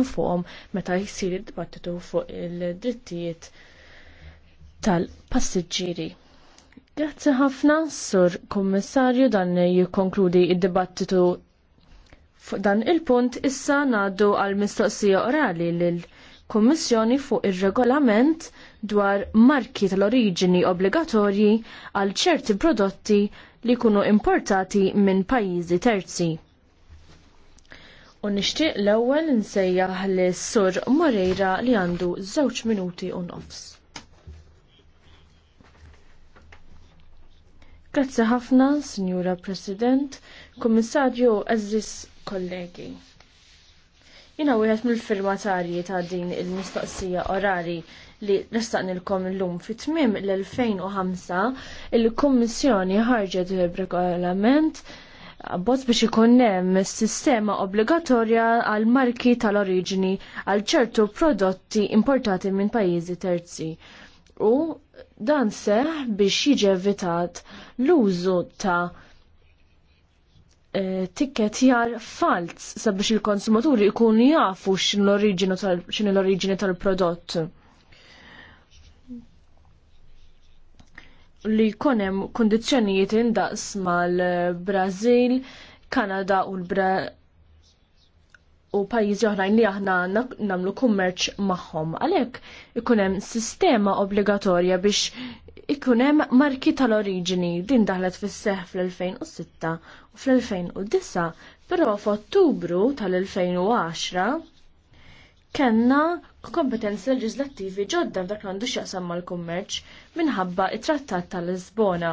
infuqhom meta jsir id-dibattitu fuq il-drittijiet tal-passiġġieri. Grazzi ħafna, Sur Kommissarju, dan jikkonkludi id-dibattitu fuq dan il-punt issa naddu għal mistoqsija orali lill Kommissjoni fuq ir-regolament dwar marki tal-oriġini obbligatorji għal ċerti prodotti li kunu importati minn pajjiżi terzi. U nixtieq l-ewwel nsejjaħ li sur Moreira li għandu żewġ minuti u nofs. Grazzi ħafna, Signora President, Kommissarju, Aziz kollegi. Jina wieħed mill-firmatarji ta' din il-mistoqsija orari li il-kom l-lum fit tmim l-2005 il-Kommissjoni ħarġet il-regolament il regolament abbozz biex ikun hemm sistema obbligatorja għal marki tal-oriġini għal ċertu prodotti importati minn pajjiżi terzi. U dan seħ biex jiġi evitat l-użu ta' eh, tikket jar falz sabiex il-konsumaturi jkunu jafu x'in l-oriġini tal-prodott. tal prodott li jkunem kondizjonijiet indaqs mal-Brazil, Kanada u l-Bra u pajjiżi oħrajn li aħna namlu kummerċ magħhom. Għalhekk ikun hemm sistema obbligatorja biex ikun hemm marki tal-oriġini din daħlet fis-seħ fl-2006 u fl-2009, però f'Ottubru tal-2010 kenna kompetenzi leġislattivi ġodda f'dak għandu x'jaqsam mal-kummerċ minħabba it-Trattat tal-Lisbona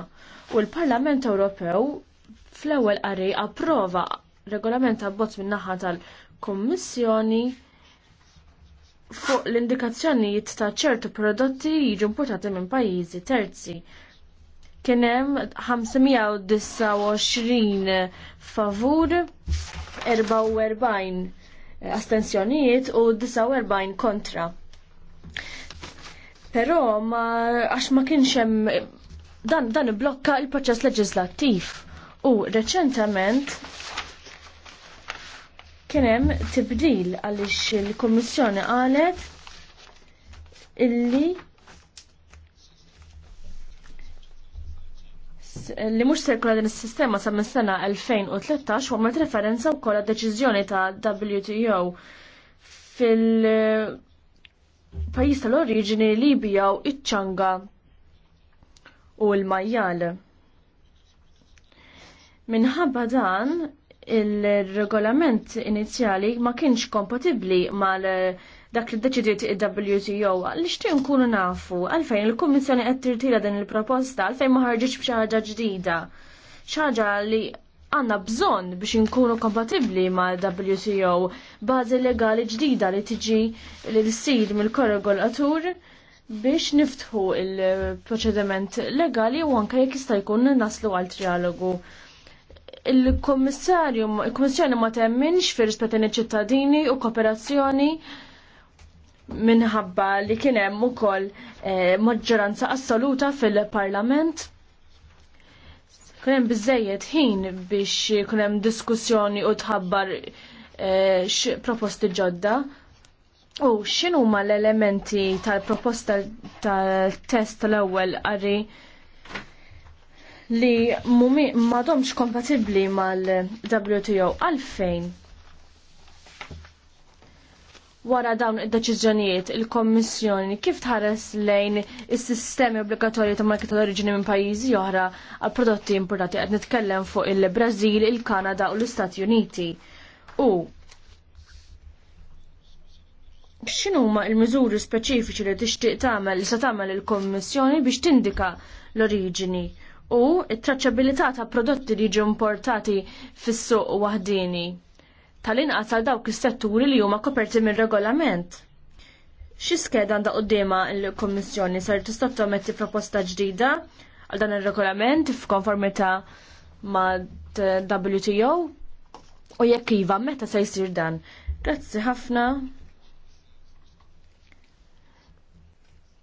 u l-Parlament Ewropew fl-ewwel qari approva regolament abbozz min-naħa tal-Kummissjoni fuq l-indikazzjonijiet ta' ċertu prodotti jiġu importati minn pajjiżi terzi. Kien hemm 529 favur 44 astensjonijiet u 49 kontra. Però ma għax ma kienx hemm dan dan iblokka il-proċess leġislattiv u reċentament kien hemm tibdil għaliex il-Kummissjoni qalet illi li mhux sirkola din is-sistema sa minn sena 2013 u għamilt referenza wkoll kolla deċiżjoni ta' WTO fil pajjiż tal-oriġini Libija u iċ u l-Majjal. Minħabba dan il-regolament inizjali ma kienx kompatibli mal- dak li deċidiet il-WTO, li ixtiju nkunu nafu, għalfejn il-Kommissjoni qed tirtila din il-proposta, għalfejn ma ħarġitx ġdida. Xaġa li għanna bżon biex nkunu kompatibli ma' WTO, bażi legali ġdida li tiġi li sid mill-korregolatur biex niftħu il-proċediment legali u anke jekk jista' jkun naslu għal trialogu il-kommissarju, il-kommissjoni ma temminx fir rispetta ċittadini u kooperazzjoni minħabba li kien hemm ukoll eh, maġġoranza assoluta fil-Parlament. Kien hemm biżejjed ħin biex kien hemm diskussjoni u tħabbar eh, proposti ġodda. U x'inhu huma l-elementi tal-proposta tal-test tal-ewwel qari li madomx kompatibli mal-WTO għalfejn wara dawn id-deċiżjonijiet il-Kommissjoni kif tħares lejn is-sistemi obbligatorji ta' marki tal-oriġini minn pajjiżi oħra għal prodotti importati qed nitkellem fuq il-Brażil, il-Kanada u l-Istati Uniti. U x'inhuma l-miżuri speċifiċi li tixtieq tagħmel li se tagħmel il-Kommissjoni biex tindika l-oriġini u t traċċabilità ta' prodotti li jiġu importati fis-suq waħdini tal-inqas għal dawk is-setturi li huma koperti mir-regolament. Xi skeda għandha qudiema l kummissjoni ser tista' tometti proposta ġdida għal dan ir-regolament f'konformità ma' WTO u jekk iva meta se jsir dan. Grazzi ħafna.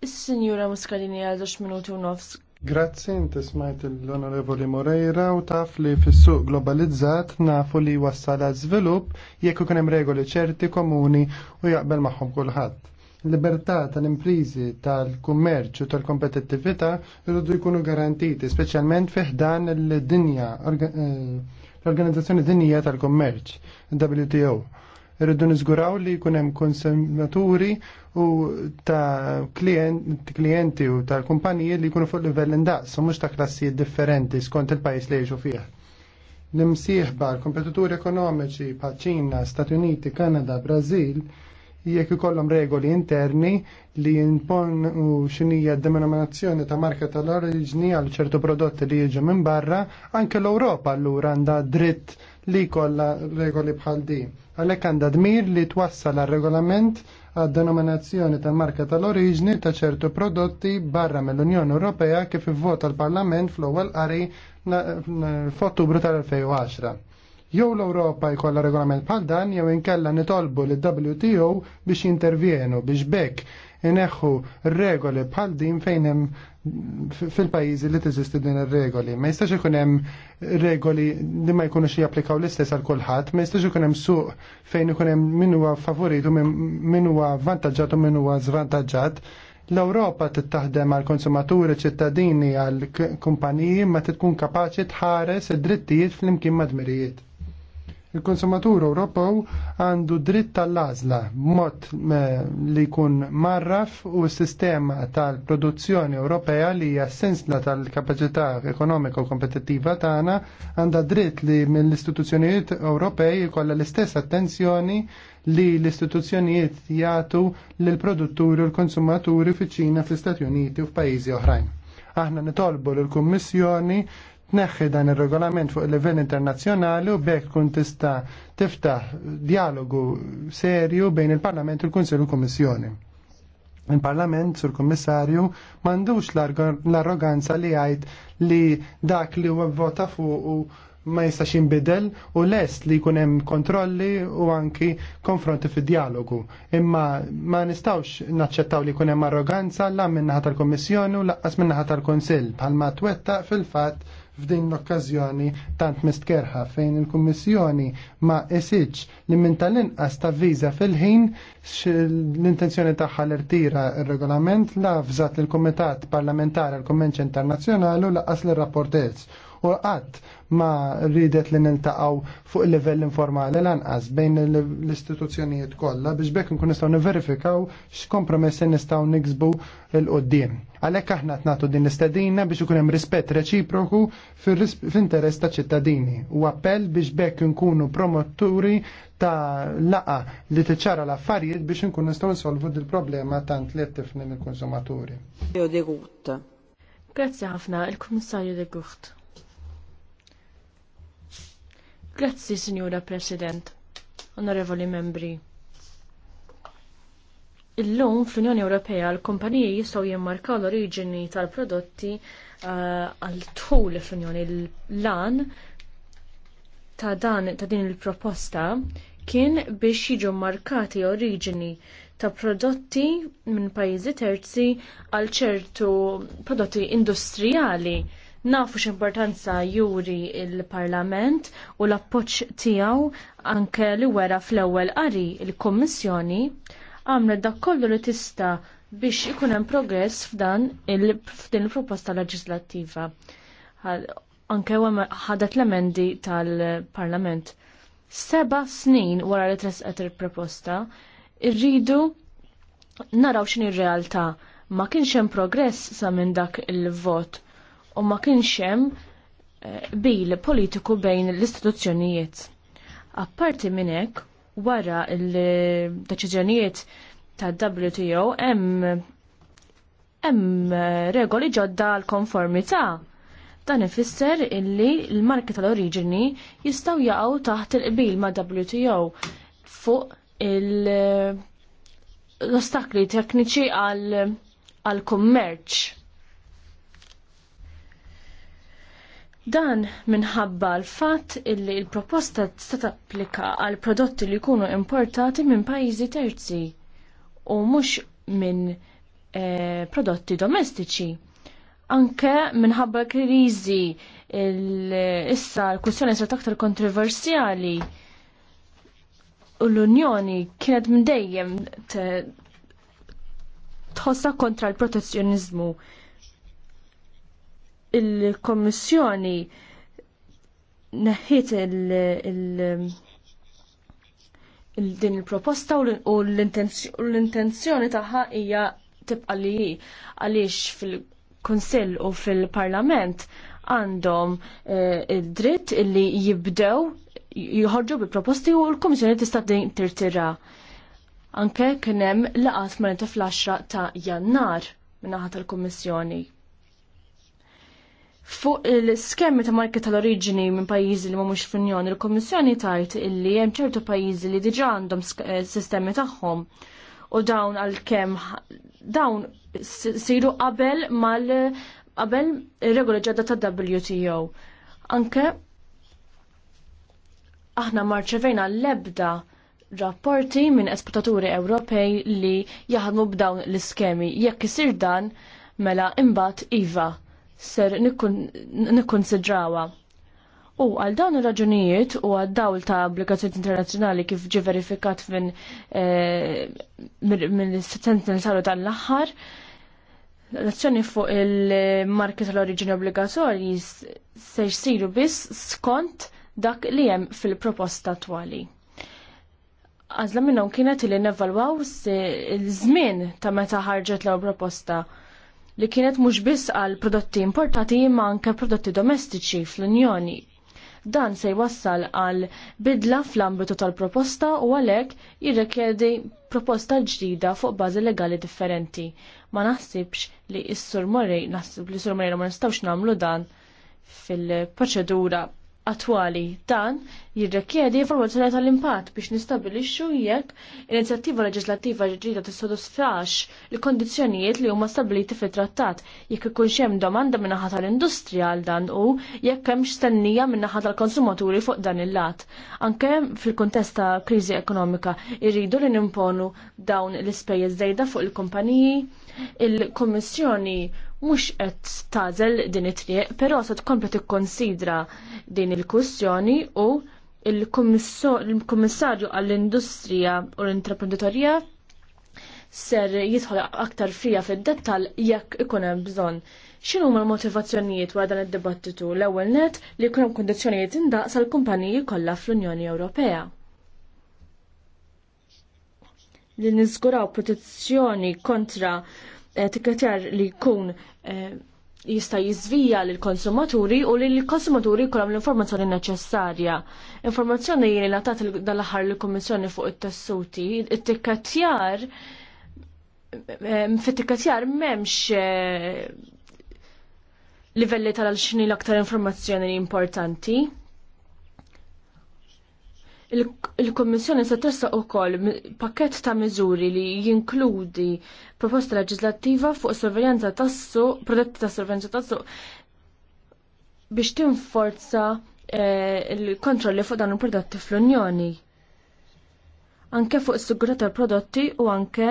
Is-Sinjura Muscadini għal 2x minuti u nofs. Grazzi, inti smajt l-Onorevoli Moreira u taf li fis-suq globalizzat nafu li wassal żvilupp jekk ikun hemm regoli ċerti komuni u jaqbel magħhom kulħadd. Libertà tal-imprizi, tal-kummerċ u tal-kompetittività jridu jkunu garantiti, speċjalment fih dan l-dinja, eh, l-Organizzazzjoni dinja tal-Kummerċ, WTO Irridu niżguraw li jkun hemm konsumaturi u ta' klijenti u ta' kumpaniji li jkunu fuq livell indaqs u mhux ta' klassijiet differenti skont il-pajjiż li jgħixu fih. L-imsieħba, l-kompetituri ekonomiċi pa' Ċina, Stati Uniti, Kanada, Brażil jekk ikollhom regoli interni li jimponu xinija d-denominazzjoni ta' marka tal-oriġni għal ċertu prodotti li jiġu minn barra, anke l-Ewropa allura għandha dritt li kolla regoli bħal di. Għalek għanda dmir li twassal għal regolament għad denominazzjoni ta' marka tal-oriġni ta' ċertu prodotti barra mill-Unjoni Ewropea kif ivvota l-Parlament fl-ewwel qari f'Ottubru tal-2010. Jew l-Ewropa jkollha regolament bħal dan jew inkella nitolbu lil WTO biex jintervjenu biex bekk ineħħu regoli bħal din fejn hemm fil-pajjiżi li teżisti din ir-regoli. Ma jistax ikun hemm regoli li ma jkunux japplikaw l-istess għal kulħadd, ma jistax ikun hemm suq fejn ikun hemm min huwa favoritu min huwa vantaġġat u min huwa żvantaġġat. L-Ewropa tittaħdem għal konsumaturi ċittadini għal kumpaniji ma tkun kapaċi tħares id-drittijiet fl-imkien madmirijiet. Il-konsumatur Ewropew għandu dritt tal-għażla mod li jkun marraf u s-sistema tal-produzzjoni Ewropea li hija sensla tal-kapaċità ekonomika u kompetittiva tagħna għandha dritt li mill-istituzzjonijiet Ewropej jkollha l-istess attenzjoni li l-istituzzjonijiet jagħtu lill produtturi u l-konsumaturi fiċ-Ċina, fl-Istati Uniti u f'pajjiżi oħrajn. Aħna nitolbu lill kummissjoni neħħi dan ir-regolament fuq il-livell internazzjonali u bekk kun tista' tiftaħ dialogu serju bejn il-Parlament u l-Kunsill u l-Kummissjoni. Il-Parlament sur Kommissarju, mandux l-arroganza li għajt li dak li huwa vota fuq ma jistax jinbidel u lest li jkun hemm kontrolli u anki konfronti fid dialogu Imma ma nistawx naċċettaw li jkun hemm arroganza la minnaħa tal-Kommissjoni u laqqas minnaħa tal-Kunsill bħalma twettaq fil-fatt f'din l-okkażjoni tant mistkerħa fejn il-Kummissjoni ma esiġ li minn tal-inqas ta' viża fil-ħin l-intenzjoni tagħha l irtira il regolament la fżat il-Kumitat Parlamentari l-Konvenċ Internazzjonali u laqqas l-rapportez u qatt ma ridet li niltaqgħu fuq il-livell informali lanqas bejn l-istituzzjonijiet kollha biex bekk nkun nistgħu niverifikaw x'kompromessi nistgħu niksbu l qudiem Għalhekk aħna qed nagħtu din l-istedina biex ikun hemm rispett reċiproku fl-interess ta' ċittadini u appell biex bekk nkunu promotturi ta' laqa li tiċċara l-affarijiet biex nkun nistgħu nsolvu il problema tant li qed tifni mill-konsumaturi. Grazzi ħafna, il-Kummissarju de Gucht. Grazzi, Signora President, Onorevoli Membri. Illum fl-Unjoni Ewropea l-kumpaniji jistgħu jimmarkaw l-oriġini tal-prodotti uh, għal uh, tul fl-Unjoni l-lan ta' dan ta' din il-proposta kien biex jiġu markati oriġini ta' prodotti minn pajjiżi terzi għal ċertu prodotti industrijali Nafu x'importanza juri il-Parlament u l-appoċ tiegħu anke li wera fl-ewwel qari il-Kommissjoni għamlet dak kollu li tista' biex ikun hemm progress f'dan il il-proposta leġislattiva. Anke ħadet l-emendi tal-Parlament. Seba snin wara li tresqet il-proposta, irridu naraw x'in ir-realtà ma kienx hemm progress sa minn dak il-vot u ma kienx hemm eh, bil politiku bejn l-istituzzjonijiet. Apparti minn hekk, wara l-deċiżjonijiet tad WTO hemm hemm regoli ġodda l-konformità. Dan ifisser illi l-marki tal-oriġini jistgħu jaqgħu taħt il-qbil ma' WTO fuq l-ostakli tekniċi għal-kummerċ Dan minħabba l-fatt illi l-proposta tista' tapplika għal prodotti li jkunu importati minn pajjiżi terzi u mhux minn eh, prodotti domestiċi. Anke minħabba kriżi issa l-kwistjoni sa aktar kontroversjali u l-Unjoni kienet mdejjem dejjem tħossa kontra l-protezzjonizmu il-Kommissjoni neħħiet il-din il-proposta u l-intenzjoni tagħha hija tibqa' li għaliex fil-Kunsill u fil-Parlament għandhom eh, id-dritt li jibdew jħorġu bil proposti u l kommissjoni tista' din tirtira. Anke kien hemm laqas ma fl ta' Jannar minnaħa tal-Kummissjoni. Fuq il-skemmi ta' marki tal-oriġini minn pajjiżi li mhumiex fl-Unjoni, il-Kommissjoni tajt illi hemm ċertu pajjiżi li diġà għandhom eh, sistemi tagħhom u dawn għal-kemm dawn siru qabel mal qabel regoli ġodda ta' WTO. Anke aħna marċevejna l-ebda rapporti minn esportaturi Ewropej li jaħdmu b'dawn l-iskemi. Jekk isir dan, mela imbagħad iva ser nikkonsidrawa. U għal dawn ir-raġunijiet u għal dawl ta' obbligazzjoni internazzjonali kif ġi verifikat minn eh, mill-sentin saru tal-aħħar, l-azzjoni fuq il-marki tal-oriġini obbligatorji se jsiru biss skont dak li hemm fil-proposta attwali. Għazla minnhom kienet li nevalwaw il-żmien ta' meta ħarġet l proposta li kienet mhux biss għal prodotti importati imma anke prodotti domestiċi fl-Unjoni. Dan se jwassal għal bidla fl-ambitu tal-proposta u għalhekk jirrikjedi proposta ġdida fuq bażi legali differenti. Ma naħsibx li s-Sur Morej, naħsib li s-Sur Morej ma nistgħux nagħmlu dan fil-proċedura attwali. Dan jirrekjedi informazzjoni tal-impatt biex nistabilixxu jekk inizjattiva leġislattiva ġdida tissodisfax il-kondizzjonijiet li huma stabiliti fit-trattat jekk ikun hemm domanda min-naħa tal-industrija għal dan u jekk hemm stennija min-naħa tal-konsumaturi fuq dan il-lat. Anke fil-kuntest ta' kriżi ekonomika irridu li nimponu dawn l-ispejjeż żejda fuq il-kumpaniji, il-Kummissjoni mhux qed tazel din it-triq, però se tkompli tikkonsidra din il-kwistjoni u il-Kummissarju għall-Industrija u l intraprenditorija ser jidħol aktar fija fid-dettal jekk ikun hemm bżonn. X'inhu l motivazzjonijiet wara dan id-dibattitu l-ewwel net li jkun hemm kundizzjonijiet indaqs għal kumpaniji kollha fl-Unjoni Ewropea. Li niżguraw protezzjoni kontra eh, tikketer li jkun Eh, jista' jizvija lil konsumaturi u li l-konsumaturi jkollhom l-informazzjoni neċessarja. Informazzjoni li ngħatat dal-aħħar lill-Kummissjoni fuq it-tessuti, it-tikkatjar eh, fit-tikkatjar m'hemmx eh, livelli tal-xini l-aktar informazzjoni importanti. Il-Kommissjoni se tessa ukoll pakket ta' miżuri li jinkludi proposta leġislattiva fuq sorveljanza tassu, prodotti ta' sorveljanza tassu biex tinforza eh, il-kontrolli fuq dan il-prodotti fl-Unjoni. Anke fuq is-sigurat tal-prodotti u anke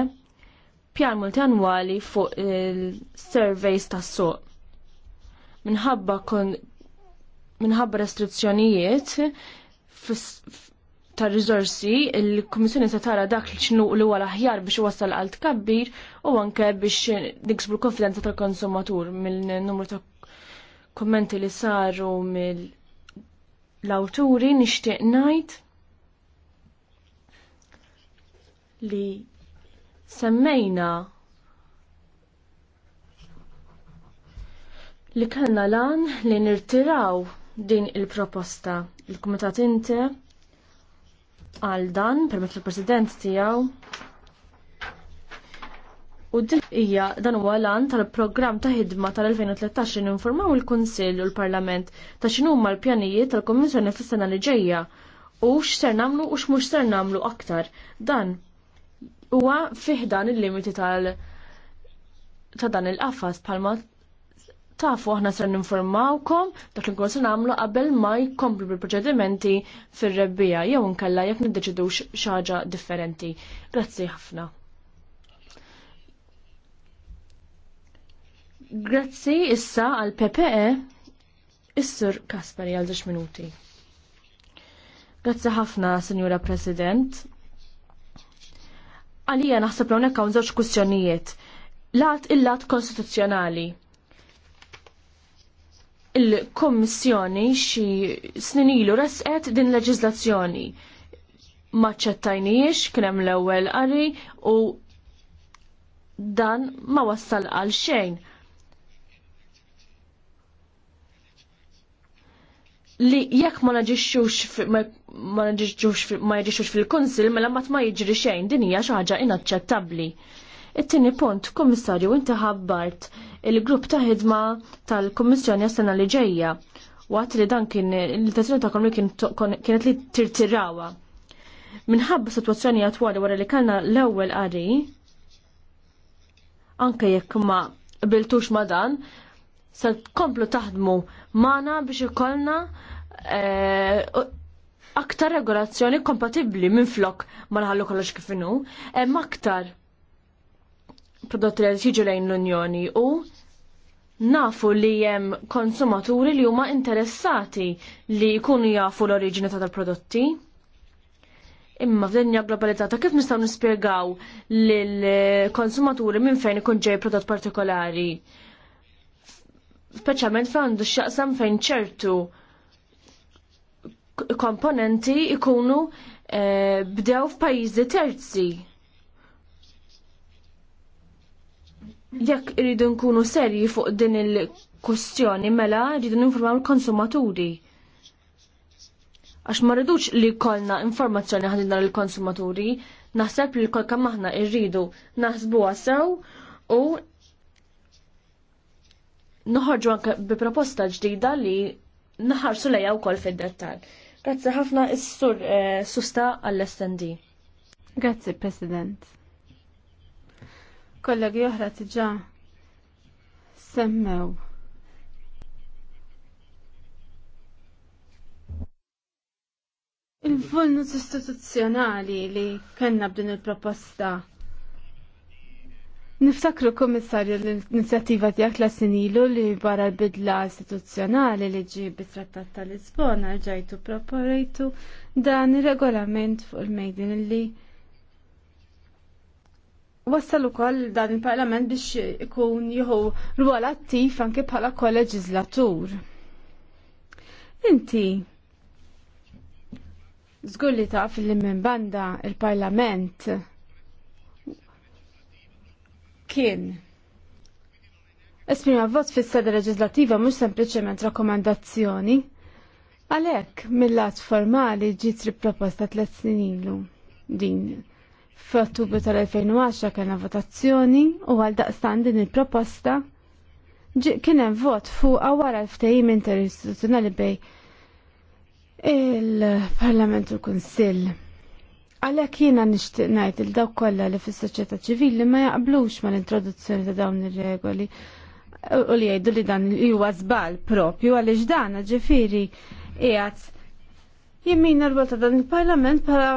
pjan multanwali fuq il-surveys tas-suq. Minħabba kon minħabba restrizzjonijiet ta' rizorsi il-Kummissjoni se tara dak li x'inhu li huwa l-aħjar biex iwassal għal tkabbir u anke biex niksbu l-konfidenza tal-konsumatur mill-numru ta' kommenti li saru mill-awturi nixtieq ngħid li semmejna li kellna lan li nirtiraw din il-proposta. Il-Kumitat Inte għal dan permezz il-President tiegħu. U din hija dan huwa lan tal-programm ta' ħidma tal-2013 li informaw il-Kunsill u l-Parlament ta' x'inhu huma l-pjanijiet tal-Kummissjoni fis-sena li ġejja u x'ser nagħmlu u x'mhux ser nagħmlu aktar. Dan huwa fih dan il-limiti tal- ta' dan il-qafas palma tafu aħna ser ninformawkom dak li se nagħmlu qabel ma jkomplu bil-proċedimenti fir-rebbija jew nkella jekk niddeċidu xaġa differenti. Grazzi ħafna. Grazzi issa għal PPE Is-Sur Kaspari għal 10 minuti. Grazzi ħafna, Sinjura President. Għalija naħseb hawnhekk hawn żewġ kwistjonijiet. Lat il-lat konstituzzjonali il-Kommissjoni xi snin ilu resqet din ma maċċettajniex kien hemm l-ewwel qari u dan ma wassal għal xejn. Li jekk ma naġixxux ma naġixxux ma jiġixux fil-Kunsil mela ma ma jiġri xejn din hija xi ħaġa inaċċettabbli. It-tieni punt, Kummissarju, inti ħabbart il-grupp ta' ħidma tal-Kummissjoni għas-sena li ġejja waqt li dan kien l-intenzjoni ta' komri kienet li tirtirawa. Minħabba situazzjoni għatwali wara li kellna l-ewwel qari, anke jekk ma biltux ma dan, se tkomplu taħdmu mana biex ikollna eh, aktar regolazzjoni kompatibbli minn flok ma nħallu kollox kif inhu, hemm aktar prodotti li jiġu lejn l-Unjoni u nafu li hemm konsumaturi li huma interessati li jkunu jafu l-oriġini ta' tal-prodotti. Imma f'dinja globalizzata kif nistgħu nispjegaw lill-konsumaturi minn fejn ikun ġej prodott partikolari? Speċjalment fejn għandu x'jaqsam fejn ċertu komponenti ikunu eh, bdew f'pajjiżi terzi Jekk irridu nkunu serji fuq din il kwestjoni mela rridu ninformaw il-konsumaturi. Għax ma rridux li kolna informazzjoni dar il konsumaturi naħseb li kol kam aħna rridu naħsbu għasaw u noħorġu anke bi proposta ġdida li naħarsu lejja wkoll fid-dettal. Grazzi ħafna is-sur eh, susta għall-SND. Grazzi, President kollegi oħra tiġa semmew. Il-vulnus istituzzjonali li kanna b'din il-proposta. Niftakru komissarju l-inizjattiva tijak la sinilu li barra l-bidla istituzzjonali li ġi bit-trattat tal-Lisbona ġajtu proporejtu dan il-regolament fuq il-mejdin li wassal ukoll dan il-Parlament biex ikun jieħu rwol attiv anke bħala koleġislatur. Inti żgur li taf li minn banda il-Parlament kien Esprima vot fis sede leġislativa mhux sempliċement rakkomandazzjoni. Għalhekk mill-lat formali ġiet proposta tliet snin ilu din F'Ottubru tal-2010 kellna votazzjoni u għal daqstan din il-proposta kien hemm vot fuq wara l-ftehim interistituzzjonali bej il-Parlament u l-Kunsill. Għalhekk jiena nixtieq ngħid il dawk kollha li fis-soċjetà ċivili ma jaqblux mal-introduzzjoni ta' dawn ir-regoli u li jgħidu li dan huwa żball propju għaliex dan ġifiri qiegħed jimmina l-volta dan il-Parlament para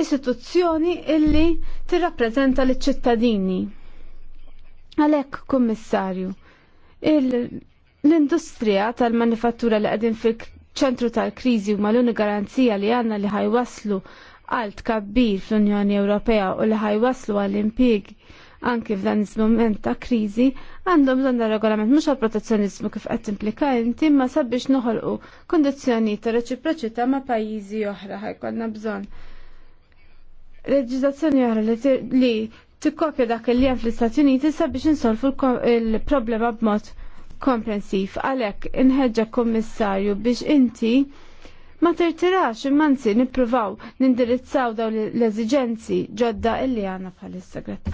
istituzzjoni illi tirrappreżenta l-ċittadini. Għalhekk, Kummissarju, l-industrija tal-manifattura li qegħdin fil-ċentru tal-kriżi huma l uni garanzija li għandna li ħajwaslu għal kabbir fl-Unjoni Ewropea u li ħajwaslu għall impieg anki f'dan iż-moment ta' kriżi għandhom bżonn regolament mhux għal protezzjonizmu kif qed implika inti ma sabiex noħolqu kondizzjoni ta' reċiproċità ma' pajjiżi oħra ħajkonna bżonn Leġiżlazzjoni oħra li tikkopja dak li hemm fl-Istati Uniti sabiex insolfu il-problema b'mod komprensiv. Għalhekk inħedġa kommissarju biex inti ma tirtirax immanzi nippruvaw nindirizzaw daw l-eżigenzi ġodda illi pal-Istagret.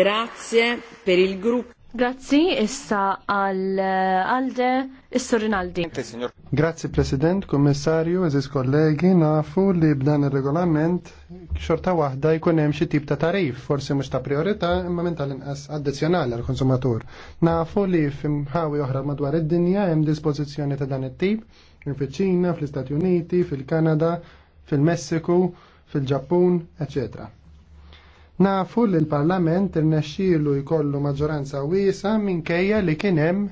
Grazie per il gruppo. Grazzi issa għal eh, Alde Issu Rinaldi. Grazzi President, Kommissarju, eżis kollegi, nafu li b'dan il-regolament xorta waħda jkun hemm xi tip ta' tarif, forsi mhux ta' priorità imma minn tal-inqas addizzjonali għal konsumatur. Nafu li f'imħawi oħra madwar id-dinja hemm dispożizzjoni ta' dan it-tip, fil-Ċina, fl-Istati Uniti, fil-Kanada, fil-Messiku, fil-Ġappun, eccetera Nafu li l-Parlament irnexxielu jkollu maġġoranza wiesa minkejja li kien hemm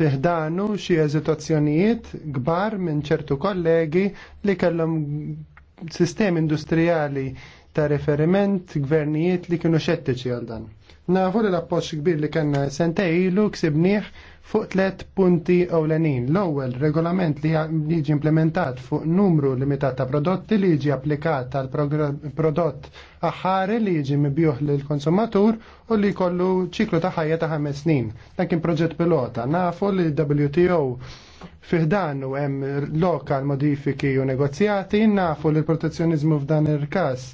fiħdanu xi eżitazzjonijiet kbar minn ċertu kollegi li kellhom sistemi industrijali ta' referiment gvernijiet li kienu xettiċi għal dan. Nafu li l-appoċ kbir li kena ilu ksibniħ fuq tlet punti ewlenin. L-ewwel regolament li jiġi implementat fuq numru limitat ta' prodotti li jiġi applikat tal prodott aħħari li jiġi mibjuħ lil konsumatur u li kollu ċiklu ta' ħajja ta' ħames snin. Dan kien proġett pilota. Nafu li WTO Fiħdan u hemm lokal modifiki u negozjati nafu li l-protezzjonizmu f'dan il-każ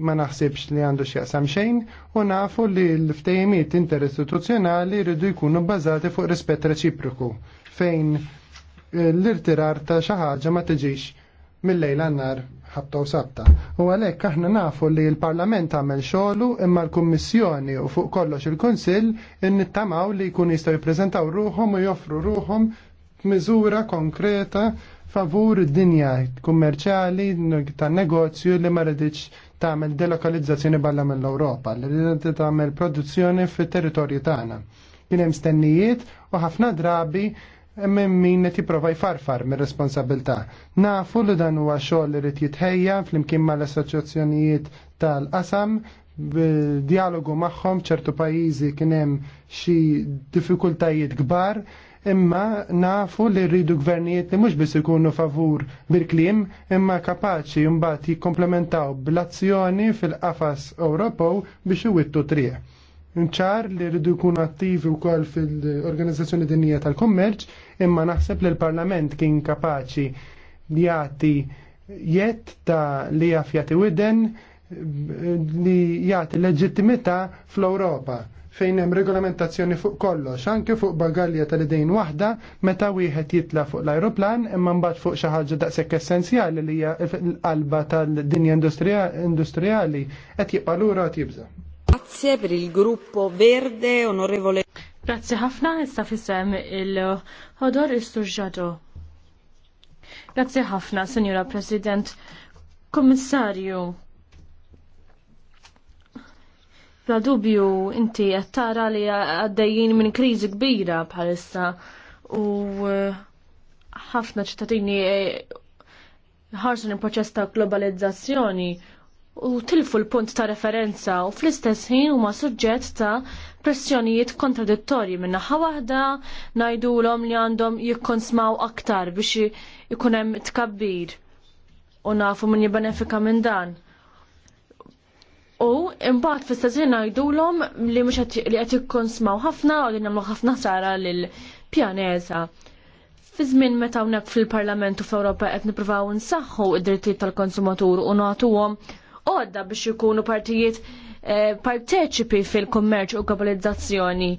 ma naħsibx li għandu xieqsam xejn u nafu li l-ftejmiet interistituzzjonali rridu jkunu bbażati fuq rispett reċiproku fejn eh, l-irtirar ta' xi ħaġa ma tiġix mill-lejla nar ħabta u sabta. U għalek aħna nafu li l-Parlament għamel xogħlu imma l-Kummissjoni u fuq kollox il-Kunsill innittamaw li jkun jistgħu jippreżentaw ruhom u joffru ruhom miżura konkreta favur id-dinja kummerċjali tan negozju li ma rridx tagħmel delokalizzazzjoni barra mill-Ewropa, li rridet tagħmel produzzjoni fit-territorju tagħna. Kien hemm stennijiet u ħafna drabi hemm min qed jipprova jfarfar mir-responsabilità. Nafu li dan huwa xogħol li rid jitħejja flimkien mal-assoċjazzjonijiet tal-qasam dialogu magħhom ċertu pajjiżi kien hemm xi diffikultajiet kbar imma nafu li rridu gvernijiet li mhux biss ikunu favur bil-klim imma kapaċi mbagħad jikkomplementaw bl-azzjoni fil-qafas Ewropew biex iwittu triq. Nċar li rridu jkunu attivi wkoll fil-Organizzazzjoni Dinija tal-Kummerċ imma naħseb li l-Parlament kien kapaċi li jagħti jett ta' li jaf jagħti widen li jagħti leġittimità fl-Ewropa fejn hemm regolamentazzjoni fuq kollox, anke fuq bagalja tal-idejn waħda meta wieħed jitla fuq l-ajruplan imma mbagħad fuq xi ħaġa daqshekk essenzjali li hija l-qalba tal-dinja industrijali qed jibqa' lura qed jibża. Grazie per il gruppo Verde, onorevole. Grazie ħafna, issa fissem il-ħodor isturġaġo. Grazie ħafna, Signora President. Commissario. La dubju inti qed tara li għaddejjin minn kriżi kbira bħalissa u eh, ħafna ċittadini eh, ħarsu minn proċess ta' globalizzazzjoni u tilfu l-punt ta' referenza u fl-istess ħin huma suġġett ta' pressjonijiet kontradittorji najdu waħda ngħidulhom li għandhom jikkonsmaw aktar biex ikun hemm tkabbir u nafu min jibbenefika minn dan U imbagħad fi stazzjon ngħidulhom li mhux li qed smaw ħafna u li nagħmlu ħafna sara lil pjaneta. Fi żmien meta hawnhekk fil-Parlament u f'Ewropa qed nippruvaw nsaħħu id-drittijiet tal-konsumatur u nagħtuhom għodda biex ikunu partijiet eh, parteċipi fil-kummerċ u globalizzazzjoni.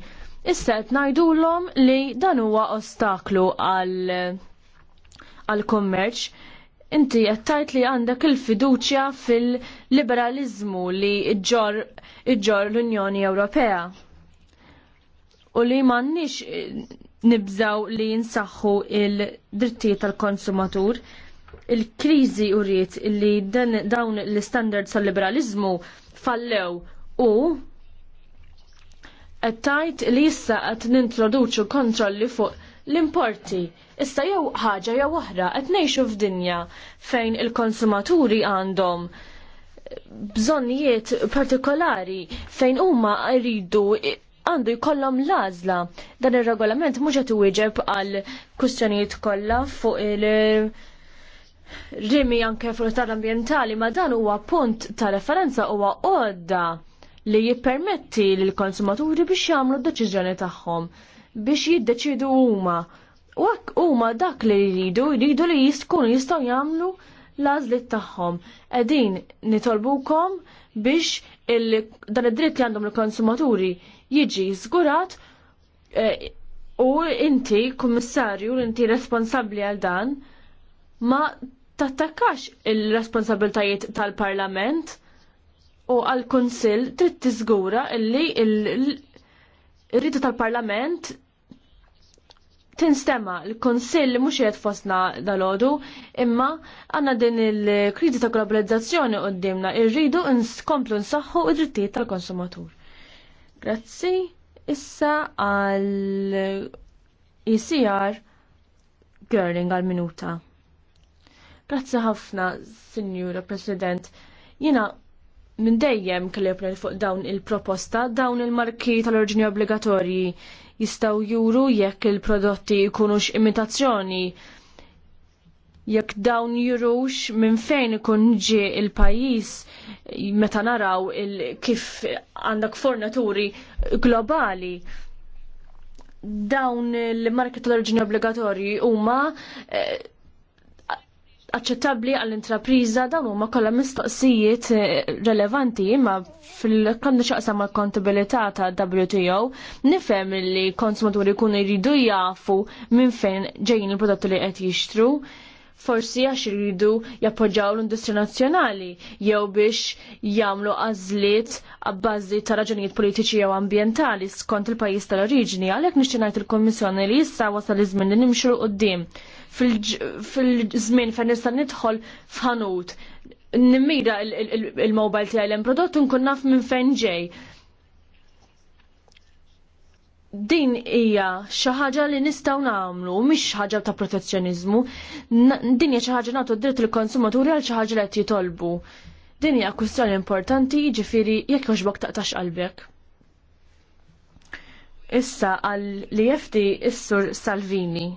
Issa qed ngħidulhom li dan huwa ostaklu għal għal-kummerċ Inti jattajt li għandek il-fiduċja fil-liberalizmu li iġġor l-Unjoni Ewropea u li mannix eh, nibżaw li jinsaxħu il-drittijiet tal-konsumatur. Il-krizi rrit li dawn l standard tal-liberalizmu fallew u għattajt li jissa għat nintroduċu kontrolli fuq l-importi. Issa jew ħaġa jew oħra qed ngħixu f'dinja fejn il-konsumaturi għandhom bżonnijiet partikolari fejn huma jridu għandu jkollhom l-għażla. Dan ir-regolament mhux qed iwieġeb għal kwistjonijiet kollha fuq il- rimi anke fuq tal-ambientali ma dan huwa punt ta' referenza huwa għodda li jippermetti lill konsumaturi biex jagħmlu d-deċiżjoni tagħhom biex jiddeċidu huma. U hekk huma dak li jridu, jridu li jistkunu jistgħu jagħmlu l għażlit tagħhom. Qegħdin nitolbukom biex dan id-dritt li għandhom il-konsumaturi jiġi żgurat eh, u inti kummissarju li inti responsabbli għal dan ma tattakkax il-responsabiltajiet tal-Parlament u għal-Konsil trid tiżgura illi il-rita tal-Parlament tinstema l-konsill mhux qed fostna dal imma għandna din il-kriżi ta' globalizzazzjoni qudiemna irridu nkomplu nsaħħu id-drittijiet tal-konsumatur. Grazzi, issa għal ICR e Girling għal minuta. Grazzi ħafna, Sinjura President. Jina minn dejjem kelli fuq dawn il-proposta, dawn il-marki tal-orġini obbligatorji jistaw juru jekk il-prodotti jkunux imitazzjoni jekk dawn jurux minn fejn ikun ġie il-pajis meta naraw il kif għandak fornaturi globali dawn il-market l origini obbligatorji huma eh, aċċettabbli għall-intrapriża dawn huma kollha mistoqsijiet eh, relevanti imma fil-kandu xaqsam mal kontabilità ta' WTO nifhem li konsumaturi jkunu jridu jafu minn fejn ġejjin il-prodotti li qed jixtru forsi għax rridu jappoġġaw l-industrija nazzjonali jew biex jagħmlu għażliet għabbażi ta' raġunijiet politiċi jew ambjentali skont il-pajjiż tal-oriġini. Għalhekk nixtieq ngħid il-Kummissjoni li issa wasal iż-żmien li nimxu quddiem fil-żmien fejn nista' nidħol f'ħanut nimmira il-mobile tiegħi l-prodott nkun naf minn fejn ġej din hija xi ħaġa li nistgħu nagħmlu, mhix ħaġa ta' protezzjoniżmu. Din hija xi ħaġa nagħtu dritt lill-konsumaturi għal xi ħaġa li qed jitolbu. Din hija kwistjoni importanti, jiġifieri jekk jogħġbok taqtax qalbek. Issa għal li jefti is-sur Salvini.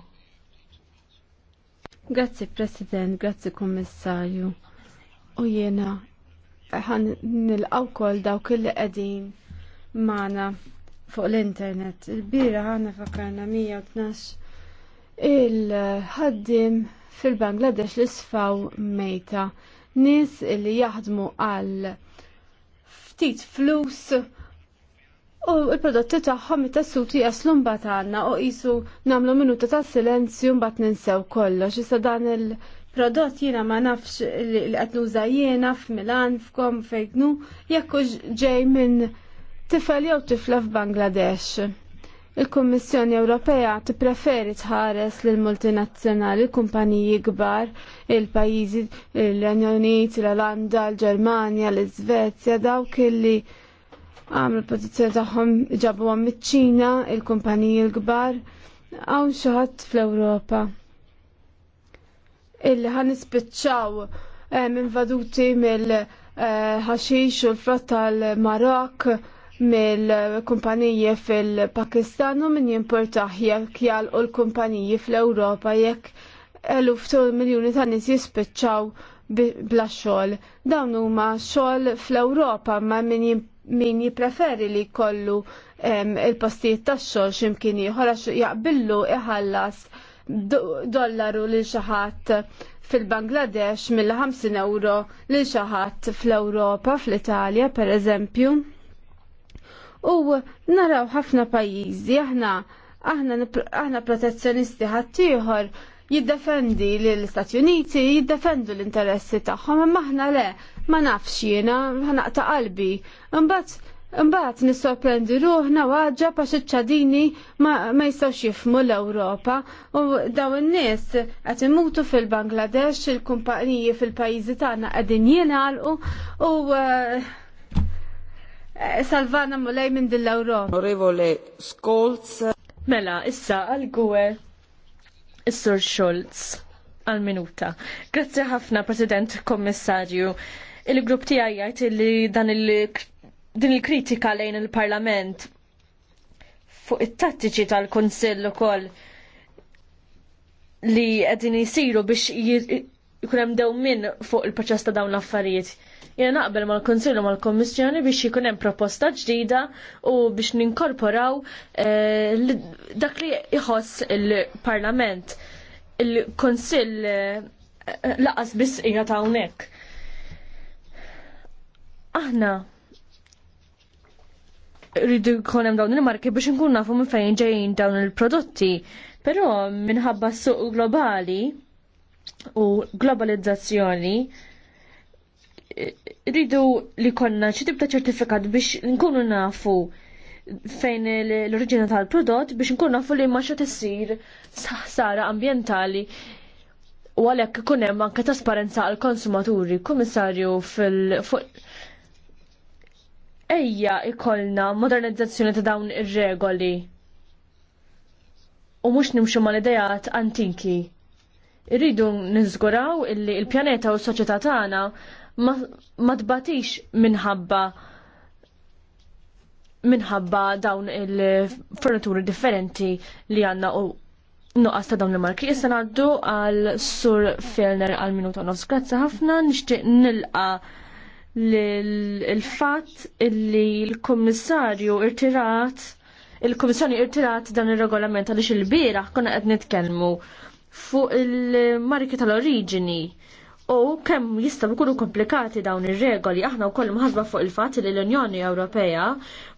Grazzi President, grazzi Kummissarju. U jiena ħan nilqaw kol dawk li qegħdin magħna fuq l-internet. Il-bira ħana fakarna 112 il-ħaddim fil-Bangladesh li sfaw mejta nis li jaħdmu għal ftit flus u il-prodotti tagħhom it suti jaslu mbagħad għandna u jisu nagħmlu minuta ta' silenzju mbagħad ninsew kollox. Issa dan il-prodott jiena ma nafx li qed nuża jiena f'Milan f'kom fejn jekkux ġej minn tifel jew tifla f'Bangladesh. Il-Kummissjoni Ewropea tippreferi tħares lil multinazzjonali kumpaniji kbar il-pajjiżi l-Unit, l-Olanda, l-Ġermanja, l-Iżvezja dawk illi għamlu l-pozizjoni tagħhom ġabuhom miċ-Ċina, il-kumpaniji l-kbar hawn xi ħadd fl-Ewropa. Illi ħan nispiċċaw eh, il-vaduti mill-ħaxix eh, u l-frott tal-Marok mill-kumpaniji fil-Pakistan u min jimportaħ jekk jalqu l-kumpaniji fl-Ewropa jekk eluf miljoni ta' nies jispiċċaw bla xogħol. Dawn huma xogħol fl-Ewropa ma min jippreferi li jkollu il-postijiet tax xogħol x'imkien ieħor għax jaqbillu iħallas dollaru lil xi ħadd fil-Bangladesh mill-50 euro lil xi ħadd fl-Ewropa, fl-Italja pereżempju. U naraw ħafna pajjiżi aħna aħna aħna protezzjonisti ħaddieħor jiddefendi l-Istati Uniti, jiddefendu l-interessi tagħhom, imma aħna le, ma nafx jiena, ħanaqta qalbi. Imbagħad Imbagħad nissorprendi ruħna waġġa għax iċ-ċadini ma, ma jistgħux jifmu l-Ewropa u daw in-nies qed imutu fil-Bangladesh, il-kumpaniji fil-pajjiżi tagħna qegħdin jingħalqu u, u eh, Eh, salvana mulej minn dill-Ewro. Onorevole Skolz. Mela, issa għal-gwe, Is-Sur Schulz, għal-minuta. Grazzi ħafna, President Kommissarju. Il-grupp tiegħi jgħid li dan il- din il-kritika lejn il-Parlament fuq it-tattiċi tal-Konsill ukoll li qegħdin jisiru biex jkun hemm dew min fuq il-proċess ta' dawn l-affarijiet. Jiena naqbel mal u mal-Kommissjoni biex jkun hemm proposta ġdida u biex ninkorporaw eh, dak li jħoss il-Parlament. Il-Konsill eh, laqas biss hija ta' hawnhekk. Aħna rridu jkun hemm dawn il-marki biex nkun nafu minn fejn ġejjin dawn il-prodotti, però minħabba s-suq globali u globalizzazzjoni rridu li konna xi ta' ċertifikat biex nkunu nafu fejn l-oriġina tal-prodott biex nkunu nafu li ma xa tissir saħsara ambjentali u għalhekk ikun hemm anke trasparenza għall konsumaturi Kummissarju fil ejja ikollna modernizzazzjoni ta' dawn ir-regoli u mhux nimxu mal-idejat antinki. Irridu nizguraw illi il-pjaneta u s-soċjetà tagħna ma tbatix minħabba minħabba dawn il-fornituri differenti li għanna u nuqqas ta' dawn il-marki. Issa għaddu għal Sur Felner għal minuta nofs. Grazzi ħafna, nixtieq nilqa l-fatt illi l-Kommissarju irtirat il-Kommissjoni irtirat dan ir regolament għaliex il-bira konna qed nitkellmu fuq il-marki tal-oriġini u kemm jistgħu jkunu komplikati dawn ir-regoli aħna wkoll mħasba fuq il-fatt li l-Unjoni Ewropea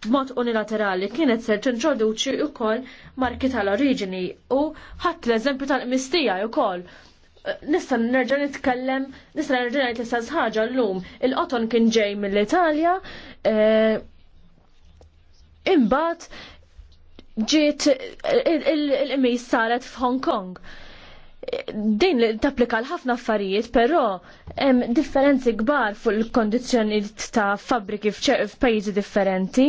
b'mod unilaterali kienet ser tintroduċi wkoll marki tal-oriġini u ħadd l-eżempju tal-qmistija wkoll. Nista' nerġa' nitkellem, nista' nerġa' ngħid l-istess ħaġa llum. Il-qoton kien ġej mill-Italja, imbagħad ġiet il-qmis saret f'Hong Kong din li tapplika l-ħafna affarijiet, però hemm differenzi kbar fuq il kondizzjonijiet ta' fabbriki f'pajjiżi differenti.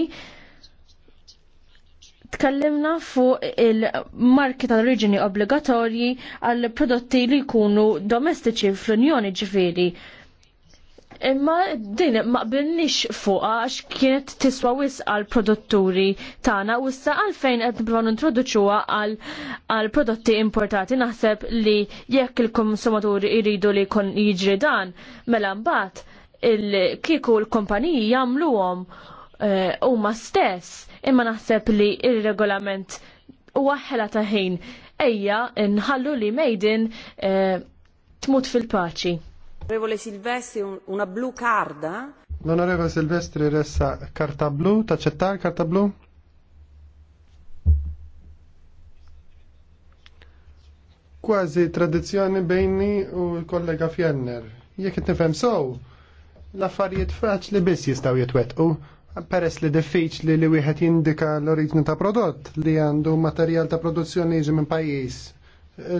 Tkellimna fuq il-marki tal-oriġini obbligatorji għal prodotti li jkunu domestiċi fl-Unjoni ġifieri imma din ma qbilniex fuqha għax kienet tiswa wis għal produtturi tagħna u issa għalfejn qed nibgħu nintroduċuha għal prodotti importati naħseb li jekk il-konsumaturi jridu li jkun jiġri dan mela mbagħad il-kiku l kumpaniji jagħmluhom eh, huma stess imma naħseb li il-regolament huwa ħela ta' ħin ejja nħallu li Maiden eh, tmut fil-paċi. Onorevole Silvestri, una blu carda. L'onorevole Silvestri resta carta blu, taċċetta carta blu? Kważi tradizzjoni bejni u l-kollega Fjenner. Jekk qed nifhem sew, l-affarijiet faċli biss jistgħu jitwettqu peress li diffiċ li li wieħed jindika l-oriġni ta' prodott li għandu materjal ta' produzzjoni jiġi minn pajjiż,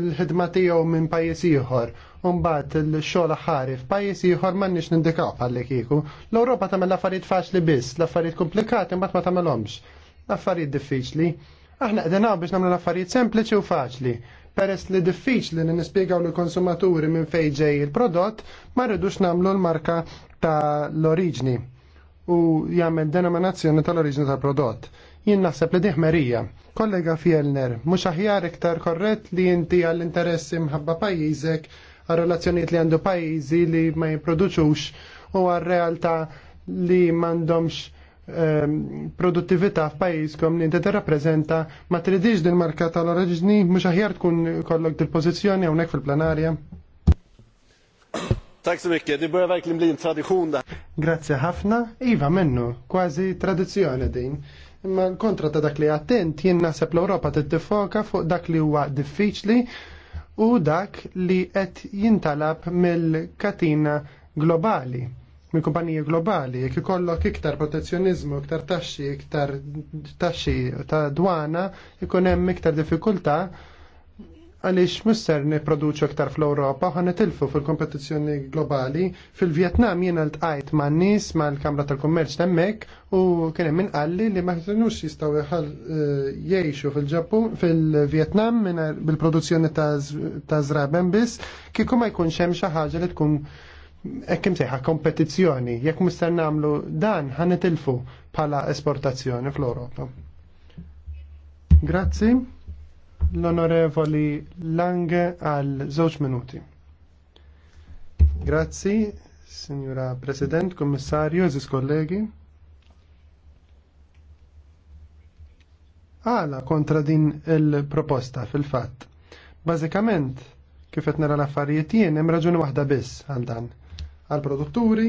il-ħidma tiegħu minn pajjiż ieħor Umbat il-xogħol ħari f'pajjiż ieħor m'għandniex nindikaw bħalli kieku. L-Ewropa tagħmel affarijiet faċli biss, l-affarijiet komplikati mbagħad ma tagħmelhomx. Affarijiet diffiċli. Aħna qegħdin biex nagħmlu l sempliċi u faċli. Peress li diffiċli li nispjegaw lill konsumaturi minn fejn ġej il-prodott, ma rridux nagħmlu l-marka ta' l-oriġni u jagħmel denominazzjoni tal-oriġni tal-prodott. Jien naħseb li diħmerija. Kollega Fjellner, mhux aħjar iktar korrett li inti għall-interessi mħabba pajjiżek għal relazzjoniet li għandu pajjiżi li ma jipproduċux u għal realtà li m'għandhomx ehm, produttività f'pajjiżkom li inti tirrappreżenta ma tridix din marka tal-oriġni mhux aħjar tkun kollok dil-pożizzjoni hawnhekk fil-plenarja. Tak så mycket, det börjar verkligen bli en tradition där. Grazie ħafna, iva minnu, kważi tradizzjoni din. Imma kontra ta' dak li attent jien naħseb l-Ewropa tittifoka fuq dak li huwa diffiċli u dak li qed jintalab mill-katina globali mill kumpanija globali, jek ikollok iktar protezzjonizmu, iktar taxxi, iktar taxxi ta' dwana, ikun hemm iktar diffikultà għaliex mister niproduċu aktar fl-Ewropa ħan nitilfu fil-kompetizzjoni globali. Fil-Vjetnam jiena l-tqajt ma' nies mal-Kamra tal-Kummerċ hemmhekk u kien hemm għalli li ma jistaw jistgħu eh, jgħixu fil-Ġappun fil-Vjetnam bil-produzzjoni ta' zraben biss kieku ma jkunx hemm xi ħaġa li tkun ekkim sejħa kompetizzjoni, jekk mister namlu dan ħanitilfu bħala esportazzjoni fl-Europa. Grazzi l-onorevoli Lange għal żewġ minuti. Grazzi, Signora President, Kommissarju, eżis kollegi. Għala kontra din il-proposta fil-fatt. Bażikament, kif qed nara l-affarijiet jien hemm raġuni waħda biss għal dan. Għal produtturi,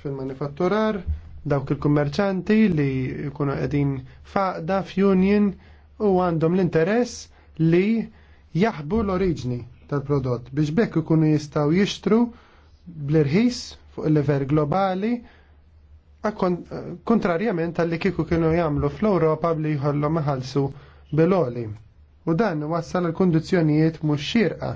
fil-manifatturar, dawk il-kummerċanti li jkunu qegħdin faqda f'union u għandhom l-interess li jaħbu l-oriġni tal-prodott biex bekk ikunu jistaw jixtru bl-irħis fuq il-level globali kontrarjament għalli kiku kienu jamlu fl-Europa bli jħollhom iħallsu bil-oli. U dan wassal l-kondizjonijiet mhux xirqa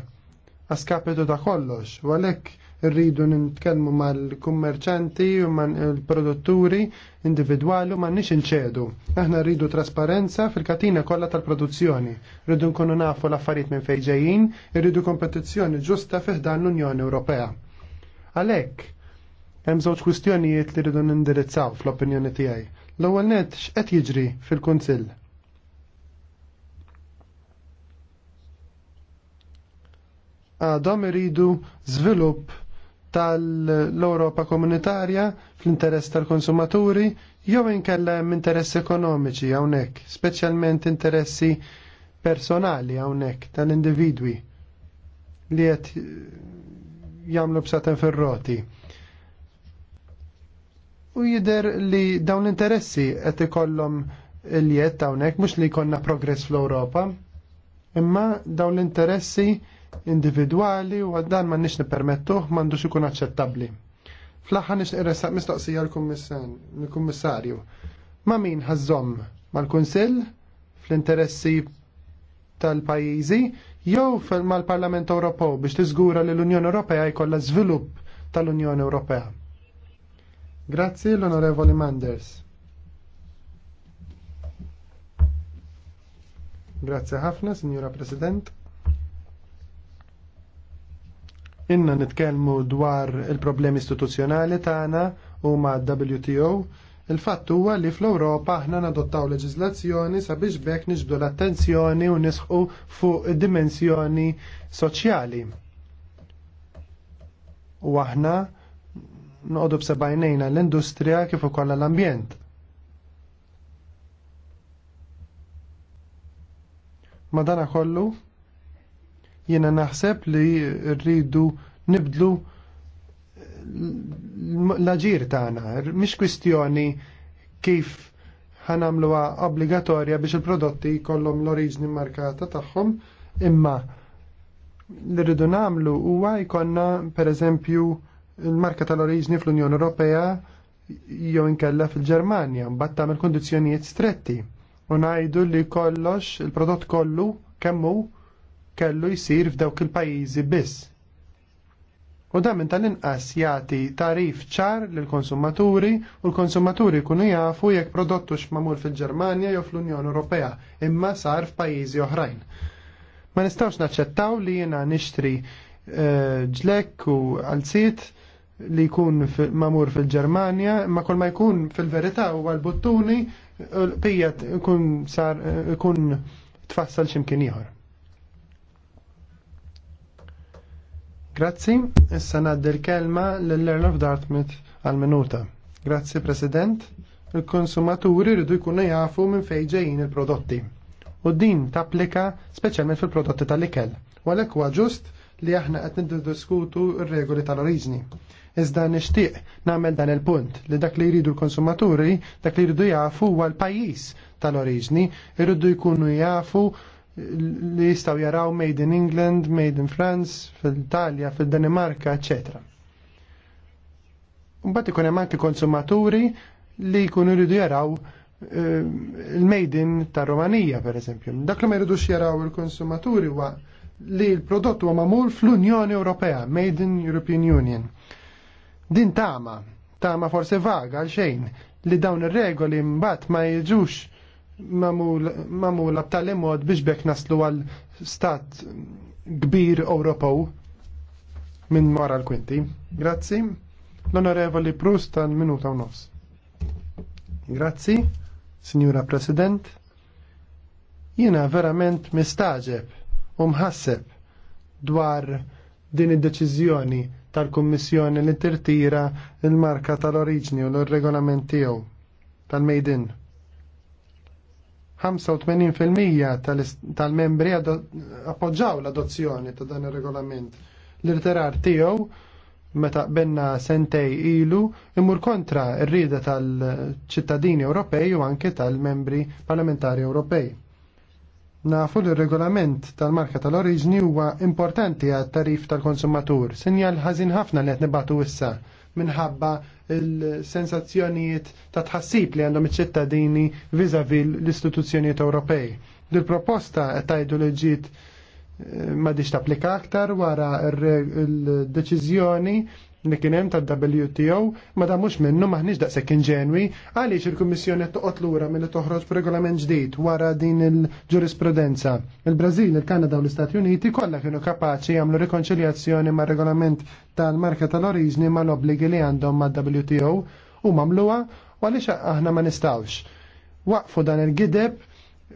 għaskapetu ta' kollox u għalhekk rridu nintkellmu mal-kummerċanti u mal-produtturi individwali u ma nix inċedu. Aħna rridu trasparenza fil-katina kollha tal-produzzjoni. Rridu nkunu nafu l-affarijiet minn fejn ġejjin, irridu kompetizzjoni ġusta fih dan l-Unjoni Ewropea. Għalhekk, hemm żewġ kwistjonijiet li rridu nindirizzaw fl-opinjoni tiegħi. L-ewwel nett x'qed jiġri fil-Kunsill? għadhom iridu żvilupp tal-Europa komunitarja fl-interess tal-konsumaturi jew inkella hemm interessi ekonomiċi hawnhekk, speċjalment interessi personali hawnhekk tal-individwi li qed jagħmlu b'saten fir-roti. U jidher li dawn l-interessi qed ikollhom il-jiet hawnhekk mhux li jkollna progress fl-Ewropa, imma dawn l-interessi individwali u għaddan ma nix nipermettuh mandux ikun aċċettabli. Fl-aħħa nix irresaq mistoqsija l-kummissarju. Ma min ħazzom mal-Kunsill fl-interessi tal-pajjiżi jew mal-Parlament Ewropew biex tiżgura li l-Unjoni Ewropea jkollha żvilupp tal-Unjoni Ewropea. Grazzi l-Onorevoli Manders. Grazzi ħafna, Signora President. Inna nitkellmu dwar il-problemi istituzzjonali tagħna u ma' WTO, il-fatt huwa li fl-Ewropa aħna nadottaw leġiżlazzjoni sabiex bekk niġbdu l-attenzjoni u nisħu fuq id-dimensjoni soċjali. U aħna noqogħdu b'sebajnejna l-industrija kif ukoll l-ambjent. Madana kollu, Jiena naħseb li rridu nibdlu l-aġir tagħna, mhix kwistjoni kif ħanamluha obbligatorja biex il-prodotti jkollhom l-oriġni markata tagħhom, imma li rridu nagħmlu huwa jkollna pereżempju il-marka tal-oriġni fl-Unjoni Ewropea jew inkella fil-Ġermanja, mbagħad tagħmel kundizzjonijiet stretti u ngħidu li kollox il-prodott kollu kemm hu kellu jsir f'dawk il-pajjiżi biss. U da minn tal-inqas jagħti tarif ċar lill konsumaturi u l-konsumaturi jkunu jafu jekk prodottu x'mamur fil-Ġermanja jew fl-Unjoni Ewropea imma sar f'pajjiżi oħrajn. Ma nistgħux naċċettaw li jiena nixtri eh, ġlek u għalzit li jkun mamur fil-Ġermanja, ma kol ma jkun fil-verità u għal-buttuni eh, pijat jkun sar eh, ikun tfassal ximkien ieħor. Grazzi, issa naddi l-kelma l-Earl of Dartmouth għal-minuta. Grazzi, President. Il-konsumaturi rridu jkunu jafu minn fejn ġejjin il-prodotti. U din tapplika speċjalment fil-prodotti tal-ikel. Walek huwa ġust li aħna qed niddiskutu r-regoli tal-oriġni. Iżda nixtieq nagħmel dan il-punt li dak li jridu l-konsumaturi, dak li jridu jafu huwa l-pajjiż tal-oriġni, irridu jkunu jafu li jistaw jaraw Made in England, Made in France, fil-Italja, fil-Danimarka, etc. Mbagħad ikun hemm anke konsumaturi li jkunu jridu jaraw eh, il-Made in ta' Romanija, per eżempju. Dak li ma jridux jaraw il-konsumaturi huwa li l-prodott huwa magħmul fl-Unjoni Ewropea, Made in European Union. Din tama, tama forse vaga għal xejn li dawn ir-regoli mbagħad ma jiġux mamula b'tali mod biex bekk naslu għal stat kbir Ewropew minn mara l-kwinti. Grazzi. L-Onorevoli Prus tal-minuta u nofs. Grazzi, Signora President. Jiena verament mistaġeb u mħasseb dwar din id-deċiżjoni tal-Kummissjoni li tirtira il-marka tal-oriġni u l-regolament tiegħu tal-Made in 85% tal-membri appoġġaw l-adozzjoni ta' dan ir-regolament. L-irterar tiegħu meta qbenna sentej ilu imur kontra r-rida tal-ċittadini Ewropej u anke tal-membri parlamentari Ewropej. Nafu li regolament tal-marka tal-oriġni huwa importanti għat tarif tal-konsumatur, sinjal ħażin ħafna li qed nibatu issa minħabba il-sensazzjonijiet ta' tħassib li għandhom iċ-ċittadini vis-a-vis l-istituzzjonijiet Ewropej. Dil-proposta tajdu li ġiet eh, ma diċ tapplika aktar wara il-deċizjoni li kienem hemm tad-WTO ma mux minnu maħniex daqshekk inġenwi għaliex il-Kummissjoni qed toqgħod lura milli toħroġ regolament ġdid wara din il-ġurisprudenza. Il-Brażil, il-Kanada u l-Istati Uniti kollha kienu kapaċi jagħmlu rikonċiljazzjoni mar-regolament tal-marka tal-oriġni mal-obbligi li għandhom mad-WTO u mamluha għaliex aħna ma nistawx. Waqfu dan il-gideb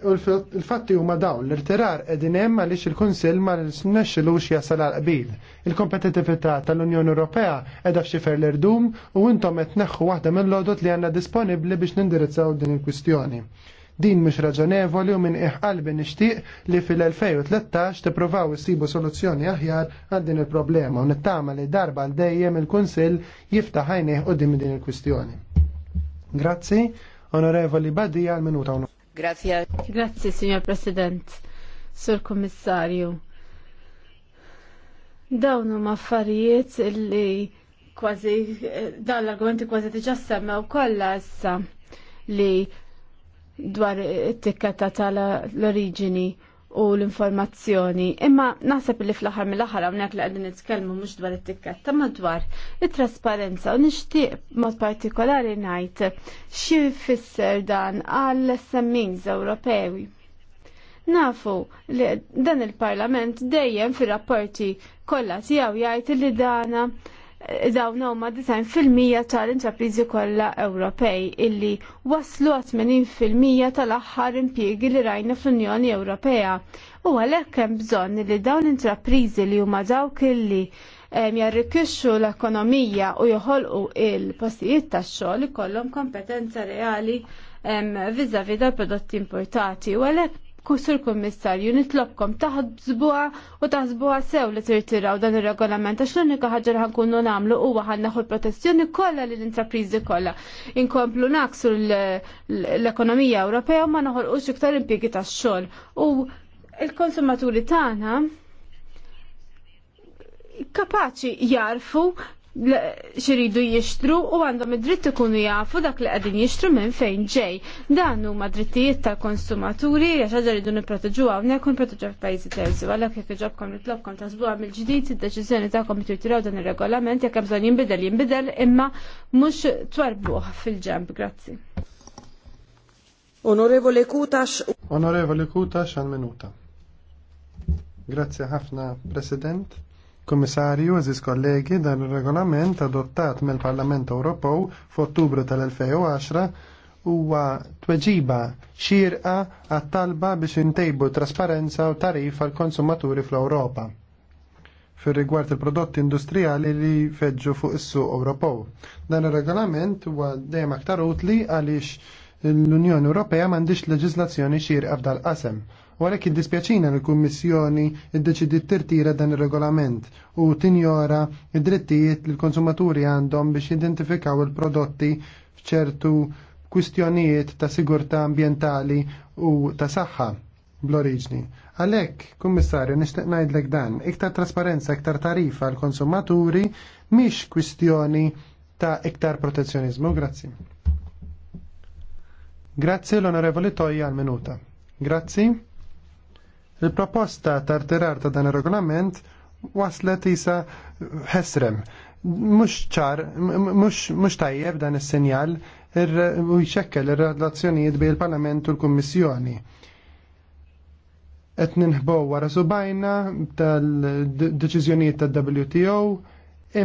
Il-fatti huma dawn l irterar qegħdin hemm għaliex il-Kunsill ma nexxilux jasal għal qbil. Il-kompetitività tal-Unjoni Ewropea qiegħda f'xifer l-irdum u intom qed neħħu waħda mill-lodot li għandna disponibbli biex nindirizzaw din il-kwistjoni. Din mhux raġonevoli u minn qalbi nixtieq li fil-2013 tippruvaw issibu soluzzjoni aħjar għal din il-problema u nittama li darba għal dejjem il-Kunsill jiftaħ għajnejh qudiem din il-kwistjoni. Grazzi, Onorevoli Badija għal minuta u Grazie. signor President, sur Kommissarju. Dawn huma affarijiet li kważi dawn l-argumenti kważi diġà semmew kollha issa li dwar it-tikketta tal-oriġini u l-informazzjoni. Imma naħseb li fl-aħħar mill-aħħar għamnek li qegħdin nitkellmu mhux dwar it-tikketta ma dwar it-trasparenza u nixtieq mod partikolari ngħid xi jfisser dan għall SMEs Ewropewi. Nafu li dan il-Parlament dejjem fir-rapporti kollha tiegħu jgħid li dana dawn huma design fil-mija tal-intrapriżi kollha Ewropej illi waslu 80% tal-aħħar impjiegi li rajna fl-Unjoni Ewropea. U għalhekk hemm bżonn li dawn l-intrapriżi li huma dawk illi jarrikixxu l-ekonomija u joħolqu il-postijiet tax-xogħol ikollhom kompetenza reali viżavi dal prodotti importati u għalhekk Kusur kummissarju, nitlobkom taħsbuha u taħsbuha sew li tirtiraw dan ir-regolament għax l-unika ħaġa li ħankunu nagħmlu huwa ħanneħu l-protezzjoni kollha l intrapriżi kollha. Inkomplu naqsu l-ekonomija Ewropea ma noħolqux iktar impjiegi tax-xogħol. U il-konsumaturi tagħna kapaċi jarfu xiridu jishtru u għandhom id-dritt ikunu jafu dak li qegħdin jixtru minn fejn ġej. Dan huma drittijiet tal-konsumaturi għax ħaġa rridu nipproteġu hawnhekk u nipproteġu f'pajjiżi terzi. Għalhekk jekk iġobkom nitlobkom għam mill-ġdid id-deċiżjoni tagħkom tiraw dan ir-regolament jekk hemm bżonn jinbidel jinbidel imma mhux twarbuh fil ġemb Grazzi. Onorevole Kutax. Onorevole Kutax għal minuta. Grazie ħafna, President. Komissarju, eżis kollegi, dan il-regolament adottat mill-Parlament Ewropew f'Ottubru tal-2010 huwa tweġiba xirqa għat-talba biex intejbu trasparenza u tarif għal konsumaturi fl-Ewropa fir rigward il-prodotti industrijali li feġġu fuq is-suq Ewropew. Dan ir-regolament huwa dejjem aktar utli għaliex l-Unjoni Ewropea m'għandix leġiżlazzjoni xirqa f'dal-qasem Għalek għalhekk iddispjaċina l-Kummissjoni ddeċidiet tirtira dan ir-regolament u tinjora id-drittijiet li l-konsumaturi għandhom biex jidentifikaw il-prodotti f'ċertu kwistjonijiet ta' sigurtà ambjentali u ta' saħħa bl-oriġni. Għalhekk, Kummissarju, nixtieq ngħidlek dan, iktar trasparenza, iktar tarifa għall konsumaturi mhix kwistjoni ta' iktar protezzjonizmu. Grazzi. Grazzi l-Onorevoli Toja għal minuta. Grazzi. Il-proposta tar-tirar ta' dan ir-regolament waslet isa ħesrem. Mux ċar, mux tajjeb dan is senjal u jxekkel ir-relazzjonijiet bejn il-Parlament u l-Kummissjoni. Qed ninħbow wara subajna tal-deċiżjonijiet tad-WTO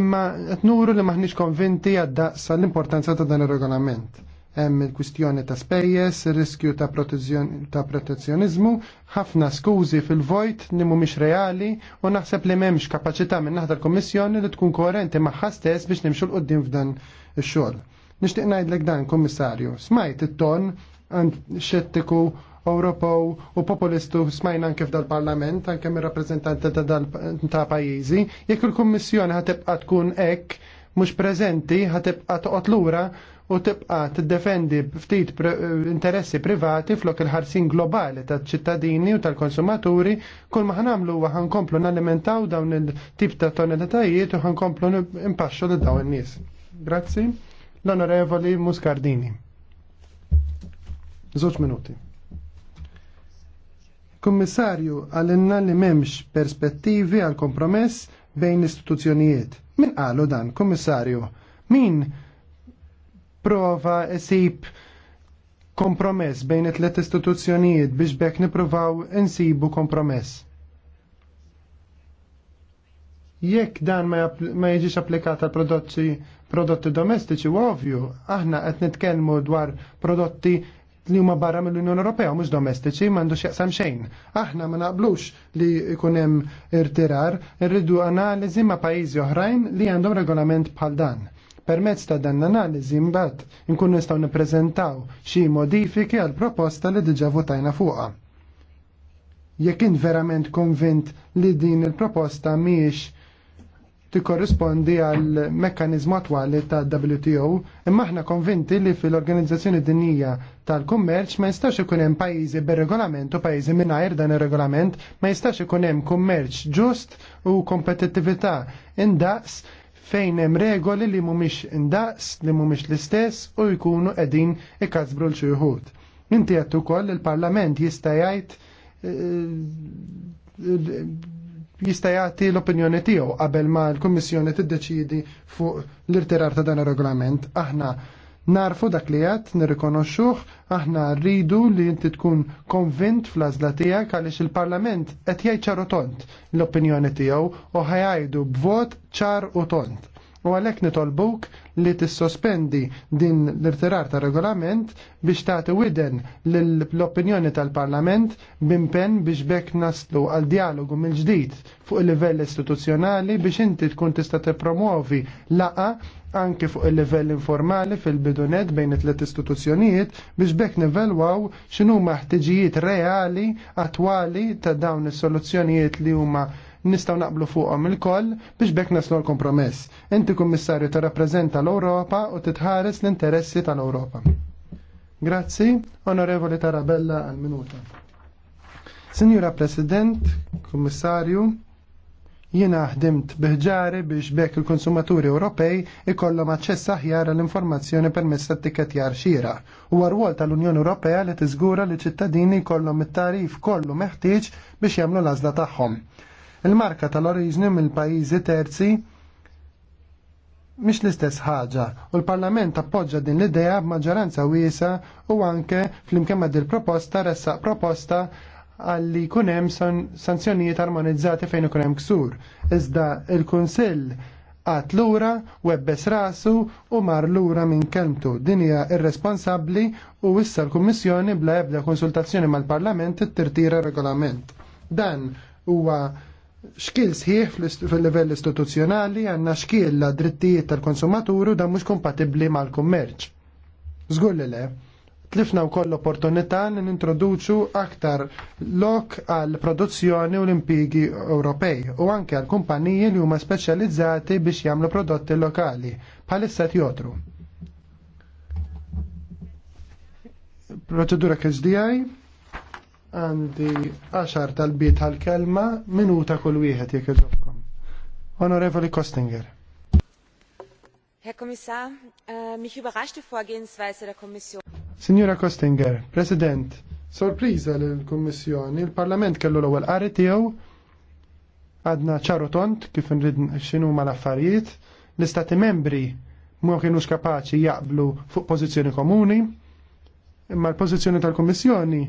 imma qed nuru li maħniex konvinti għad-daqsa l-importanza ta' dan ir-regolament hemm il-kwistjoni ta' spejjes, riskju ta', ta protezzjonizmu, ħafna skużi fil-vojt li mhumiex reali u naħseb li m'hemmx kapaċità minn naħdar kommissjoni li tkun koerenti magħha stess biex nimxu l-qudiem f'dan ix-xogħol. Nixtieq ngħidlek dan, Kummissarju, smajt it-ton xettiku Ewropew u populistu smajna anke f'dal-Parlament, anke mir rappreżentanti ta' pajjiżi, jekk il-Kummissjoni ħatibqa' tkun hekk mhux preżenti ħatibqa' toqgħod lura u tibqa tiddefendi ftit interessi privati flok il-ħarsin globali ta' ċittadini u tal-konsumaturi kull ma ħanamlu ħankomplu nalimentaw dawn il-tip ta' tonelatajiet u ħankomplu impaxxu li dawn in-nies. Grazzi. L-Onorevoli Muscardini. Żewġ minuti. Kummissarju għalinna li memx perspettivi għal kompromess bejn l-istituzzjonijiet. Min qalu dan, kummissarju? Min prova isib kompromess bejn it-tlet istituzzjonijiet biex bekk nipruvaw insibu kompromess. Jekk dan ma jiġix applikat għal prodotti, prodotti domestiċi u ovvju, aħna qed nitkellmu dwar prodotti li huma barra mill-Unjoni Ewropea mhux domestiċi m'għandux jaqsam xejn. Aħna ma naqblux li jkun hemm irtirar, irridu analiżi ma' pajjiżi oħrajn li għandhom regolament bħal dan. Permezz ta' dan l-analiżi mbagħad inkunu nistgħu nippreżentaw xi modifiki għal proposta li diġà votajna fuqha. Jekk int verament konvint li din il-proposta mhijiex tikkorrispondi għal mekkaniżmu attwali ta' WTO, imma aħna konvinti li fil-Organizzazzjoni Dinija tal-Kummerċ ma jistax ikun hemm pajjiżi bir-regolament u pajjiżi mingħajr dan ir-regolament, ma jistax ikun hemm kummerċ ġust u kompetittività indaqs fejn hemm regoli li mhumiex indaqs, li mhumiex l-istess u jkunu qegħdin ikkażbru l xi Inti qed ukoll il-Parlament jista' jgħid eh, jista' jagħti l-opinjoni tiegħu qabel ma l-Kummissjoni tiddeċiedi fuq l-irtirar ta' dan ir-regolament. Aħna Narfu dak li għat, nirrikonoxxuh, aħna rridu li inti tkun konvint fl-azla tijak għalix il-parlament qed jajċar ċar u tont l-opinjoni tiegħu u ħajajdu b'vot ċar u tont u għalhekk nitolbuk li tissospendi din l-irtirar ta' regolament biex tagħti widen l-opinjoni tal-Parlament bimpen biex bekk naslu għal dialogu mill-ġdid fuq il-livell istituzzjonali biex inti tkun tista' tippromuovi laqa anke fuq il-livell informali fil-bidunet bejn it-tlet istituzzjonijiet biex bekk nivelwaw x'inhuma ħtiġijiet reali attwali ta' dawn is-soluzzjonijiet li huma nistgħu naqblu fuqhom il-koll biex bekk naslu l-kompromess. Inti kummissarju tirrappreżenta l-Ewropa u titħares l-interessi tal-Ewropa. Grazzi, onorevoli Tarabella għal minuta. Signora President, Kummissarju, jiena ħdimt biħġari biex bekk il-konsumaturi Ewropej ikollhom aċċess aħjar għall-informazzjoni permezz tat-tikketjar xira. Huwa rwol tal-Unjoni Ewropea li tiżgura li ċittadini jkollhom it-tarif kollu meħtieġ biex jagħmlu l-għażla tagħhom. Il-marka tal-oriġni mill-pajjiżi terzi mhix l-istess ħaġa u l-Parlament appoġġa din l-idea b'maġġoranza wiesa u anke flimkien ma' dil proposta ressaq proposta għalli jkun hemm sanzjonijiet armonizzati fejn ikun hemm ksur. Iżda il-Kunsill għat lura, webbes rasu u mar lura minn kelmtu. hija irresponsabbli u issa l-Kummissjoni bla ebda konsultazzjoni mal-Parlament tirtira regolament. Dan huwa xkil sħiħ fil-level istituzzjonali għanna xkil la drittijiet tal-konsumaturu da mux kompatibli mal-kummerċ. Zgur le, tlifna u koll opportunità li nintroduċu aktar lok għal produzzjoni u l-impigi Ewropej u anke għal kumpaniji li huma speċjalizzati biex jagħmlu prodotti lokali bħalissa jotru. Procedura KSDI għandi 10 tal-bit tal-kelma minuta kull wieħed jekk iġobkom. Onorevoli Kostinger. Herr Kommissar, äh, mich überrascht die Vorgehensweise der Kommission. Signora Kostinger, President, sorpriża l-Kommissjoni, il-Parlament kellu l-ewwel qari tiegħu għadna ċaru tont kif nrid x'inhu l-affarijiet, l-Istati membri mhu kienux kapaċi jaqblu fuq pożizzjoni komuni, imma l-pożizzjoni tal-Kommissjoni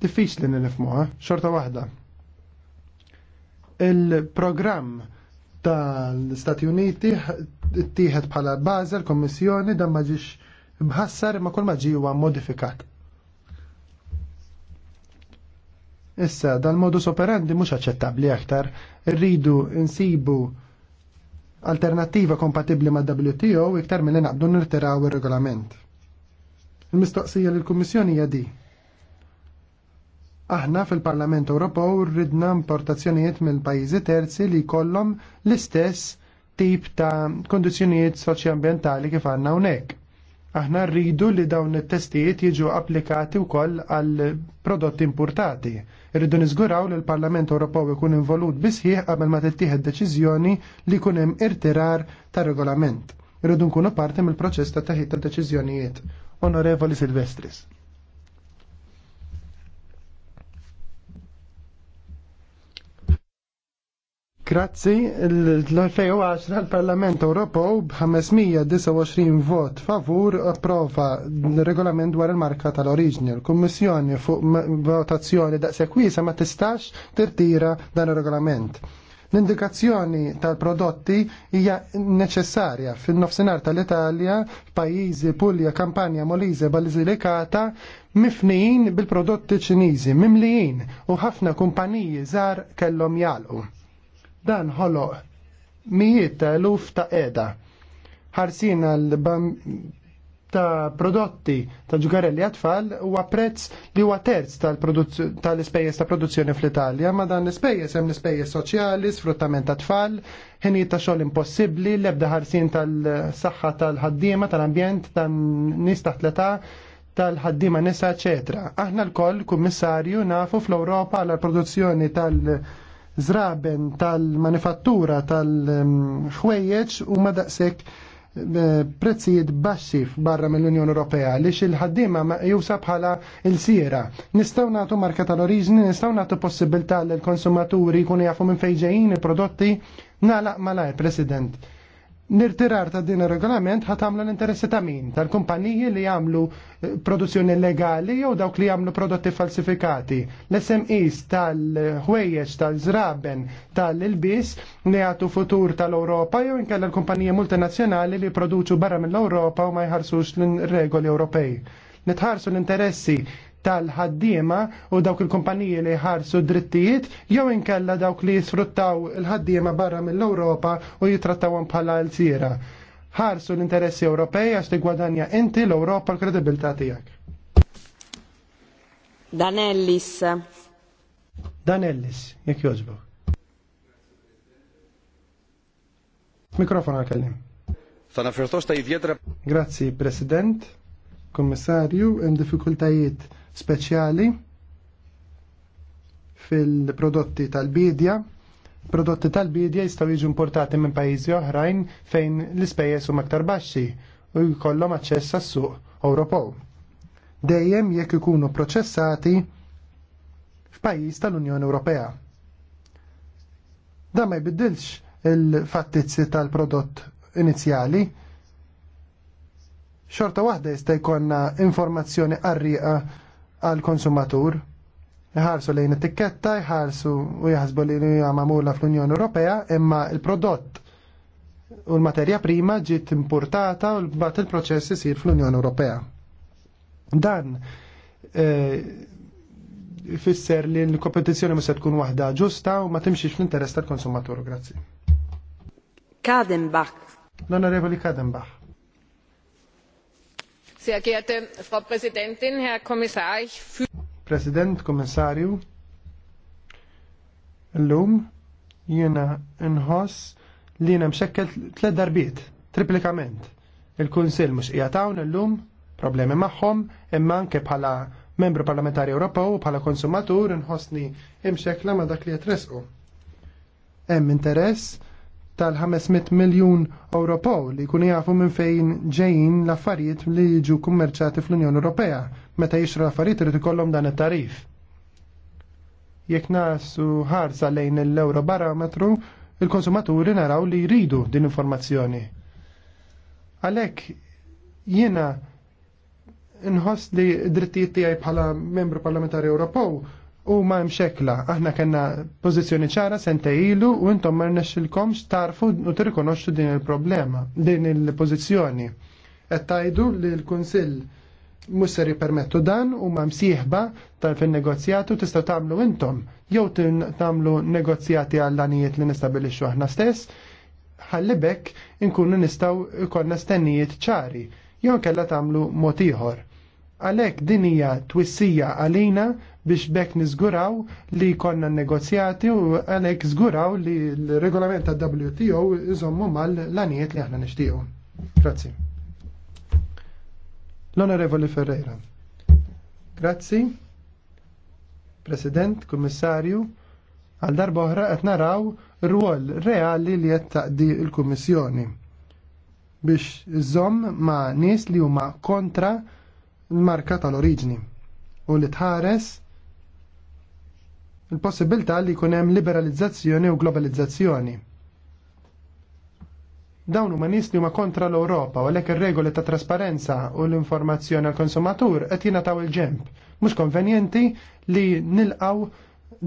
diffiċli li nifmuha, xorta waħda. Il-programm tal-Stati Uniti tieħed bħala bażi l-Kommissjoni dan ma ġiex mħassar ma kull ma ġi huwa modifikat. Issa, dal-modus operandi mhux aċċettabbli aktar, rridu insibu alternativa kompatibbli ma' WTO iktar minn li naqbdu nirtiraw ir-regolament. Il-mistoqsija lill kummissjoni hija di Aħna fil-Parlament Ewropew rridna importazzjonijiet mill-pajjiżi terzi li jkollhom l-istess tip ta' kondizzjonijiet soċjoambientali kif għandna hawnhekk. Aħna rridu li dawn it-testijiet jiġu applikati wkoll għal prodotti importati. Irridu niżguraw li l-Parlament Ewropew ikun involut bisħieħ qabel ma tittieħed deċiżjoni li jkun hemm irtirar ta' regolament. Irridu nkunu parti mill-proċess ta' taħid ta' deċiżjonijiet. Onorevoli Silvestris. Grazzi, l-2010 l-Parlament Ewropew b'529 vot favur approva regolament dwar il-marka tal-oriġni. L-Kummissjoni fuq votazzjoni daqshekk wiesa ma tistax tirtira dan ir-regolament. L-indikazzjoni tal-prodotti hija neċessarja fin-nofsinhar tal-Italja, pajjiżi Puglia, Kampanja, Molise, Basilikata mifnijin bil-prodotti ċiniżi, mimlijin u ħafna kumpaniji żgħar kellhom jalqu Dan ħoloq mijiet ta' eluf ta' edha. Ħarsina l-bam ta' prodotti ta' ġugarelli għatfall huwa prezz li huwa terz tal-ispejjeż ta' produzzjoni fl-Italja, ma dan l-ispejjeż hemm l-ispejjeż soċjali, sfruttament ta' tfal, ħinijiet ta' xogħol impossibbli, l-ebda ħarsin tal-saħħa tal-ħaddiema, tal-ambjent, tan-nies taħt l-età, tal-ħaddiema nisa, eċetera. Aħna l-koll kummissarju nafu fl-Ewropa għal produzzjoni tal-, -tal zraben tal-manifattura tal-ħwejjeġ u ma daqshekk eh, prezzijiet baxxi barra mill-Unjoni Ewropea li xil-ħaddima jusa bħala il-siera. Nistgħu nagħtu marka tal oriġni nistgħu nagħtu possibilità li l-konsumaturi jkunu jafu minn fejn ġejjin il-prodotti nagħlaq malaj, President. Nirtirar ta' din ir-regolament ħat għamlu l-interessi ta' min? Tal-kumpaniji li jagħmlu eh, produzzjoni legali jew dawk li jagħmlu prodotti falsifikati. L-SMEs tal-ħwejjeġ tal-żraben tal-ilbis li għatu futur tal-Ewropa jew inkella l-kumpaniji multinazzjonali li produċu barra mill-Ewropa u ma jħarsux l-regoli Ewropej. Nitħarsu l-interessi tal-ħaddiema u dawk il-kumpaniji li ħarsu drittijiet jew inkella dawk li jisfruttaw il-ħaddiema barra mill-Ewropa u jitrattawhom bħala l-sira. Ħarsu l-interessi Ewropej għax tigwadanja inti l-Ewropa l-kredibilità tiegħek. Danellis. Danellis, jekk jogħġbu. Mikrofon għal-kellim. Sana firtox Grazzi, President, Kommissarju, hemm diffikultajiet speċjali fil-prodotti tal-bidja. Prodotti tal-bidja jistgħu jiġu importati minn pajjiżi oħrajn fejn l-ispejjeż huma aktar baxxi u jkollhom aċċess għas-suq Ewropew. Dejjem jekk ikunu proċessati f'pajjiż tal-Unjoni Ewropea. Da ma jbiddilx il-fattizzi tal-prodott inizjali, xorta waħda jista' jkollna informazzjoni qarrieqa għal konsumatur jħarsu lejn it-tikketta, jħarsu u jħasbu li hija magħmula fl-Unjoni Ewropea, imma il-prodott u l-materja prima ġiet importata u l-bat il-proċess isir fl-Unjoni Ewropea. Dan e, ifisser li l-kompetizzjoni ma se tkun waħda ġusta u ma timxiex fl-interess tal-konsumatur. Grazzi. Kadenbach. L-Onorevoli Kadenbach. Sehr geehrte Frau Präsidentin, Herr Kommissar, ich fühle. President, Kommissarju, l-lum jena nħoss li jena mxekkel tled darbiet, triplikament. Il-Kunsil mux jgħatawn l-lum problemi maħħom, imma anke bħala membru parlamentari Ewropew bħala konsumatur nħossni imxekla ma dak li jitresqu. Hemm interess tal-500 miljun Ewropew li jkunu jafu minn fejn ġejjin l-affarijiet li jiġu kummerċati fl-Unjoni Ewropea. Meta jixra l-affarijiet irid ikollhom dan it-tarif. Jekk nasu ħarsa lejn l-euro barometru, il-konsumaturi naraw li jridu din informazzjoni. Għalhekk jiena nħoss li drittijiet tiegħi bħala membru parlamentari Ewropew u ma mxekla. Aħna kena pozizjoni ċara sente ilu u intom ma rnexxilkom tarfu u tirrikonoxxu din il-problema, din il-pozizjoni. Qed tajdu li l-Kunsill musser jipermettu dan u ma msieħba tal-fin-negozjatu tistaw tagħmlu intom jew tagħmlu negozjati għall-anijiet li nistabilixxu aħna stess, ħalli bekk inkunu nistgħu ikonna stennijiet ċari jew kella tagħmlu mod ieħor. Għalhekk din hija twissija għalina biex bekk niżguraw li konna negozjati u għalhekk żguraw li l-regolament ta' WTO iżommu mal l-għaniet li aħna nixtiequ. Grazzi. L-Onorevoli Ferreira. Grazzi. President, Kummissarju, għal darba oħra qed naraw rwol reali li qed taqdi l-Kummissjoni biex iżomm ma' nies li huma kontra l-marka tal-oriġni u li tħares il-possibilità li jkun hemm liberalizzazzjoni u globalizzazzjoni. Dawn huma nies li huma kontra l-Ewropa u għalhekk ir-regoli ta' trasparenza u l-informazzjoni għall konsumatur qed jingħataw il-ġemp. Mhux konvenjenti li nilqaw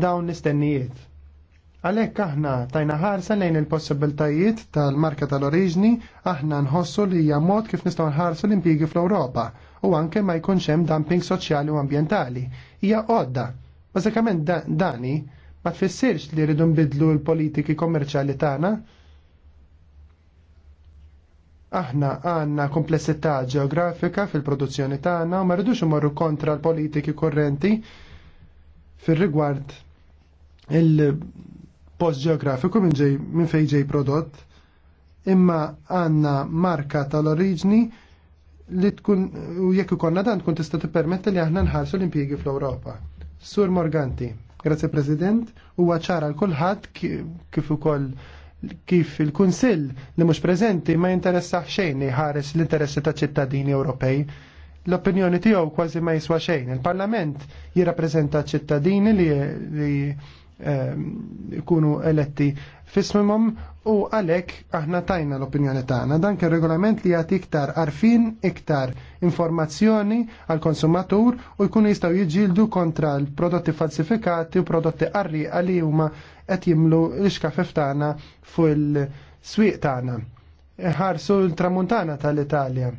dawn l-istennijiet. Għalhekk aħna tajna ħarsa lejn il-possibiltajiet tal-marka tal-oriġni, aħna nħossu li hija mod kif nistgħu nħarsu l-impjiegi fl-Ewropa u anke ma jkunx hemm dumping soċjali u ambjentali. Hija għodda Bażikament dani ma tfissirx li rridu nbidlu l-politiki kommerċali tagħna. Aħna għandna komplessità ġeografika fil-produzzjoni tagħna u ma rridux imorru kontra l-politiki korrenti fir-rigward il-post ġeografiku minn min fejn ġej prodott imma għandna marka tal-oriġni li tkun u jekk ikollna dan tkun tista' tippermetti li aħna nħarsu l-impjiegi fl-Ewropa. Sur Morganti, grazie President, huwa ċara l-kulħadd kif ukoll kif il-Kunsill li mhux preżenti ma jinteressax xejn li ħares l-interessi ta' ċittadini Ewropej. L-opinjoni tiegħu kważi ma jiswa xejn. Il-Parlament jirrappreżenta ċittadini li Eh, ikunu eletti fismimum u għalek aħna tajna l-opinjoni tagħna. Dan kien regolament li jagħti iktar arfin, iktar informazzjoni għal konsumatur u jkunu jistgħu jiġġieldu kontra l-prodotti falsifikati u prodotti qarrieqa li huma qed jimlu l-iskafef tagħna fuq il-swieq tagħna. Ħarsu l-tramuntana tal-Italja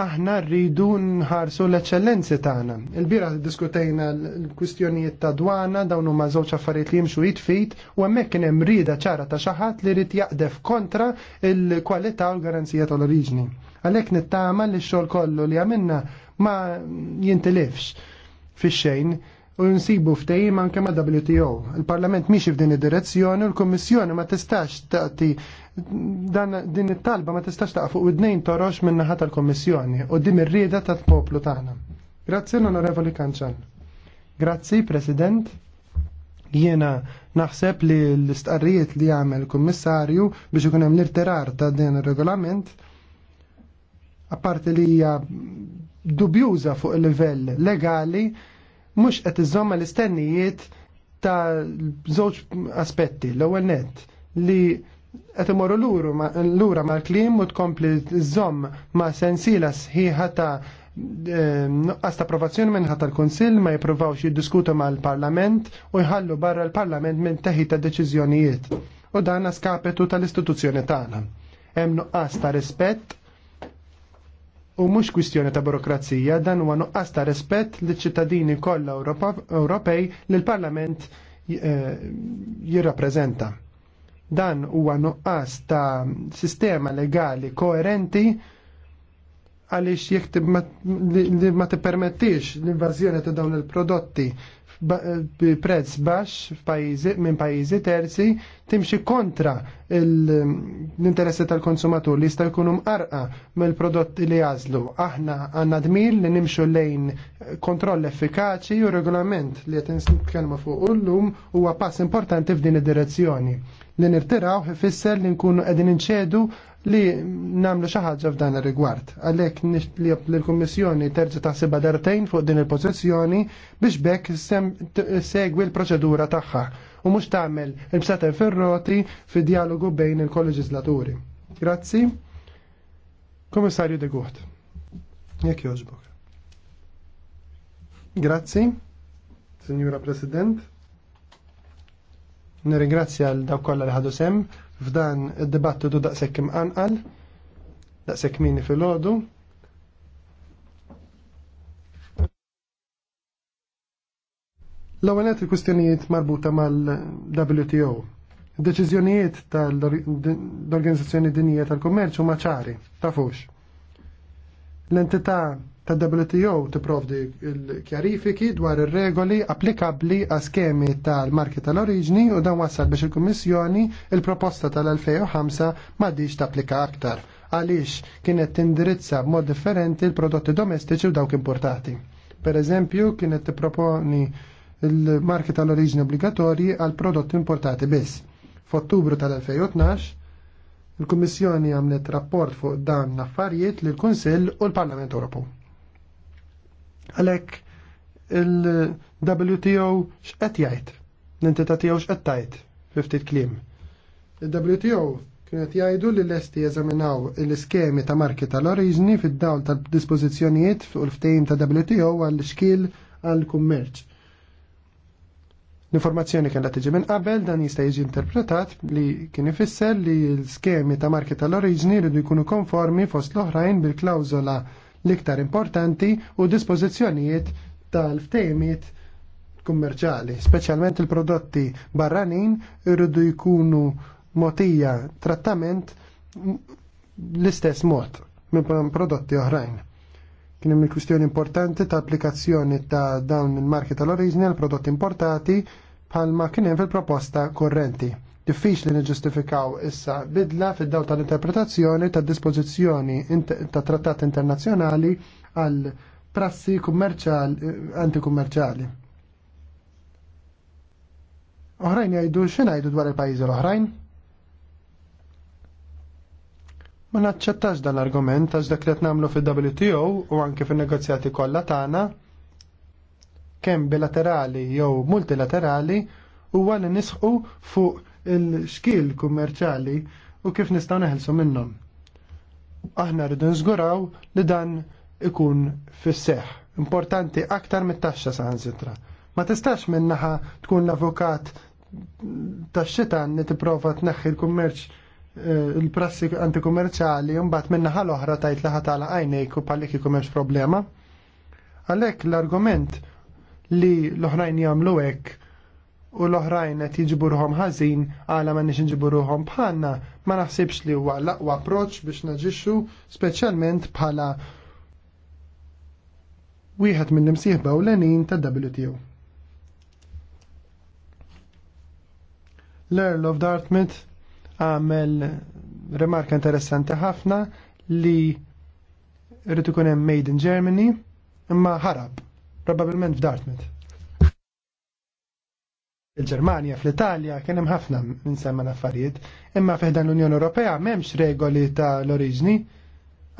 aħna rridu nħarsu l-eċċellenzi tagħna. Il-bira diskutejna l-kwistjonijiet ta' dwana dawn huma żewġ affarijiet li jimxu jitfit u hemmhekk kien hemm rieda ċara ta' xi ħadd li rid jaqdef kontra l-kwalità u l-garanzija tal-oriġni. Għalhekk nittama li x-xogħol kollu li għamilna ma jintilifx fix-xejn u nsibu ftehim anke ma' WTO. Il-Parlament miex f'din id-direzzjoni u l-Kummissjoni ma tistax taqti dan din it-talba ma tistax taq fuq id nejn torox minn naħa tal-Kummissjoni u dim ir-rieda tat-poplu tagħna. Grazzi l-Onorevoli Kanċan. Grazzi, President. Jiena naħseb li l-istqarrijiet li għamel kummissarju biex ikun hemm l-irterar ta' din ir-regolament apparti li hija dubjuża fuq il-livell legali mhux qed iżomma l-istennijiet ta' żewġ aspetti. L-ewwel nett li qed imorru lura mal-klim u tkompli żomm ma' sensiela sħiħa ta' eh, nuqqas ta' approvazzjoni minn ħadd tal-Kunsill ma jippruvawx jiddiskutu mal-Parlament u jħallu barra l-Parlament minn teħi ta' deċiżjonijiet. U dan skapetu tal-istituzzjoni tagħna. Hemm nuqqas ta' rispett u mhux kwistjoni ta' burokrazija dan huwa nuqqas ta' rispett li ċittadini kollha Ewropej li l-Parlament eh, jirrappreżenta. Dan huwa nuqqas ta' sistema legali koerenti għaliex jekk ma tippermettix l-invażjoni ta' dawn il-prodotti prezz baxx minn pajjiżi terzi timxi kontra l-interessi tal-konsumatur li jista' jkunu mqarqa mill-prodotti li jażlu. Aħna għandna dmir li nimxu lejn kontroll effikaċi u regolament li qed nitkellmu fuq illum huwa pass importanti f'din id-direzzjoni. Li nirtiraw ifisser li nkunu qegħdin inċedu li namlu xi ħaġa f'dan ir-rigward. Għalhekk nixtlieb li l-Kummissjoni terġa' taħsibha dartejn fuq din il-pożizzjoni biex bekk segwi l-proċedura tagħha u mhux tagħmel il-bsata ferroti fi dialogu bejn il-kolleġislaturi. Grazzi. Komissarju de Gucht. Jekk jogħġbok. Grazzi, Signora President. Nirringrazzja l dawk li ħadu sem f'dan id-dibattitu daqshekk imqanqal, daqshekk mini fil-ħodu. L-ewwel qed il-kwistjonijiet marbuta mal-WTO. Deċiżjonijiet tal-Organizzazzjoni Dinija tal-Kummerċ huma ċari, tafux. L-entità ta' WTO tipprovdi l-kjarifiki dwar ir-regoli applikabbli għas skemi tal-marki tal-oriġni u dan wassal biex il-Kummissjoni il-proposta tal-2005 m'għadix tapplika aktar għaliex kienet tindirizza b'mod differenti l-prodotti domestiċi u dawk importati. Per eżempju, kienet tipproponi il-marki tal-oriġni obbligatorji għal prodotti importati biss. F'Ottubru tal-2012 il-Kummissjoni għamlet rapport fuq dan l-affarijiet lill kunsill u l-Parlament Ewropew. Għalhekk il-WTO x'qed jgħid, l-entità tiegħu x'qed tajt ftit kliem. Il-WTO kienet jgħidu li l-esti jeżaminaw l-iskemi ta' marki tal-oriġni fid-dawl tal-dispożizzjonijiet u l-ftehim ta' WTO għall-xkil għall-kummerċ. L-informazzjoni kellha tiġi minn qabel dan jista' jiġi interpretat li kien ifisser li l-skemi ta' marki tal-oriġni rridu jkunu konformi fost l-oħrajn bil-klawżola l-iktar importanti u dispożizzjonijiet tal-ftejmiet kummerċali, speċjalment il-prodotti barranin irridu jkunu motija trattament l-istess mod minn prodotti oħrajn. Kien hemm il-kwistjoni importanti ta' applikazzjoni ta' dawn il-marki tal-oriġini għall prodotti importati bħalma kien hemm fil-proposta korrenti. Diffiċ li niġustifikaw issa bidla fid-daw tal-interpretazzjoni ta' dispożizzjoni ta' trattat internazzjonali għal prassi kummerċali antikummerċali. Oħrajn jgħidu x'ingħidu dwar il-pajjiżi l-oħrajn? Ma naċċettax dan l-argument għax dak li qed nagħmlu fil-WTO u anke fin-negozjati kollha tagħna kemm bilaterali jew multilaterali huwa li nisħu fuq il-xkil kummerċali u kif nistgħu neħelsu minnhom. Aħna rridu nżguraw li dan ikun fis-seħ. Importanti aktar mit-taxxa saħansitra. Ma tistax minnaħa tkun l-avukat tax-xitan li tipprova tneħħi l-kummerċ eh, il-prassi antikummerċali mbagħad minnaħa l-oħra tajt laħat ħatala għajnejk u pallik ikum problema. Għalhekk l-argument li l-oħrajn jagħmlu hekk u l-oħrajn qed jiġburuhom ħażin għala ma nix nġiburuhom bħalna ma naħsibx li huwa l-aqwa approċċ biex naġixxu speċjalment bħala wieħed mill imsieħ u ta' WTO. L-Earl of Dartmouth għamel remarka interessanti ħafna li rrid ikun hemm Made in Germany imma ħarab, probabbilment f'Dartmouth il-Ġermanja, fl-Italja, kien hemm ħafna minn semma affarijiet, imma fiħdan l-Unjoni Ewropea m'hemmx regoli ta' l-oriġni,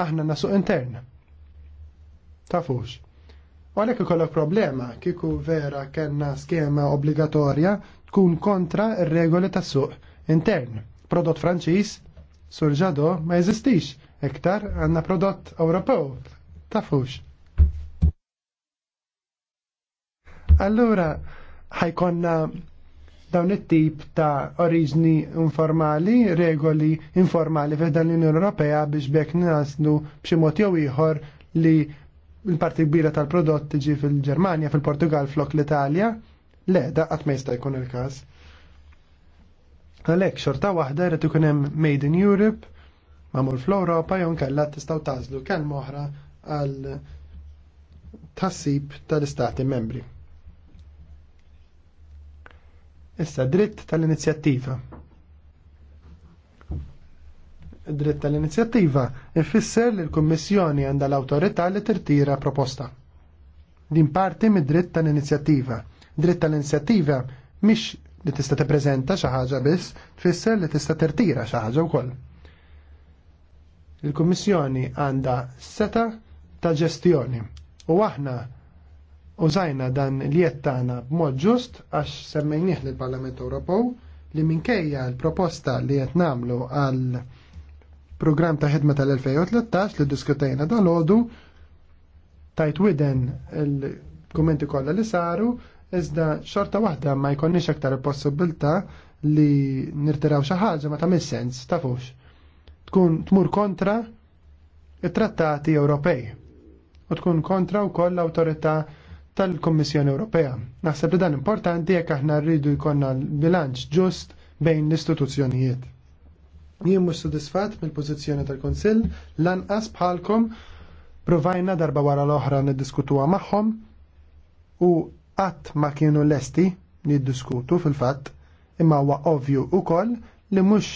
aħna nasu intern. Tafux. U għalhekk ikollok problema kieku vera kena skema obbligatorja tkun kontra r-regoli tas suq intern. Prodott Franċiż, surġado, ma jeżistix, iktar għandna prodott Ewropew. Tafux. Allura, ħajkonna dawn it-tip ta' oriġni informali, regoli informali fih dan l-Unjoni Ewropea biex bekk naslu b'xi mod jew ieħor li l-parti kbira tal-prodott tiġi fil-Ġermanja, fil-Portugal, flok l-Italja. Le, da qatt ma jista' jkun il-każ. Għalhekk xorta waħda jrid ikun hemm Made in Europe, magħmul fl-Ewropa jew nkella tistgħu tażlu kelma oħra għal tassib tal-istati membri. Issa dritt tal-inizjattiva. Dritt tal-inizjattiva ifisser li l-Kummissjoni għandha l-awtorità li tirtira proposta. Din parti mid-dritt tal-inizjattiva. Dritt tal-inizjattiva mhix li tista' tippreżenta xi ħaġa biss, tfisser li tista' tirtira xi ħaġa wkoll. Il-Kummissjoni għandha seta ta' ġestjoni u aħna użajna dan li jettana b'mod ġust għax semmejnieh lill-Parlament Ewropew li minkejja l-proposta li qed nagħmlu għal programm ta' ħidma tal-2013 li diskutejna dal-ħodu tajt widen il-kommenti kollha li saru iżda xorta waħda ma jkollniex aktar possibilità li nirtiraw xi ħaġa ma mis sens tafux. Tkun tmur kontra it-trattati Ewropej u tkun kontra wkoll l-awtorità tal-Kommissjoni Ewropea. Naħseb li dan importanti jekk aħna rridu jkollna l-bilanċ ġust bejn l-istituzzjonijiet. Jien mhux sodisfatt mill-pożizzjoni tal-Kunsill lanqas bħalkom provajna darba wara l-oħra niddiskutuha magħhom u qatt ma kienu lesti niddiskutu fil-fatt imma huwa ovvju ukoll li mhux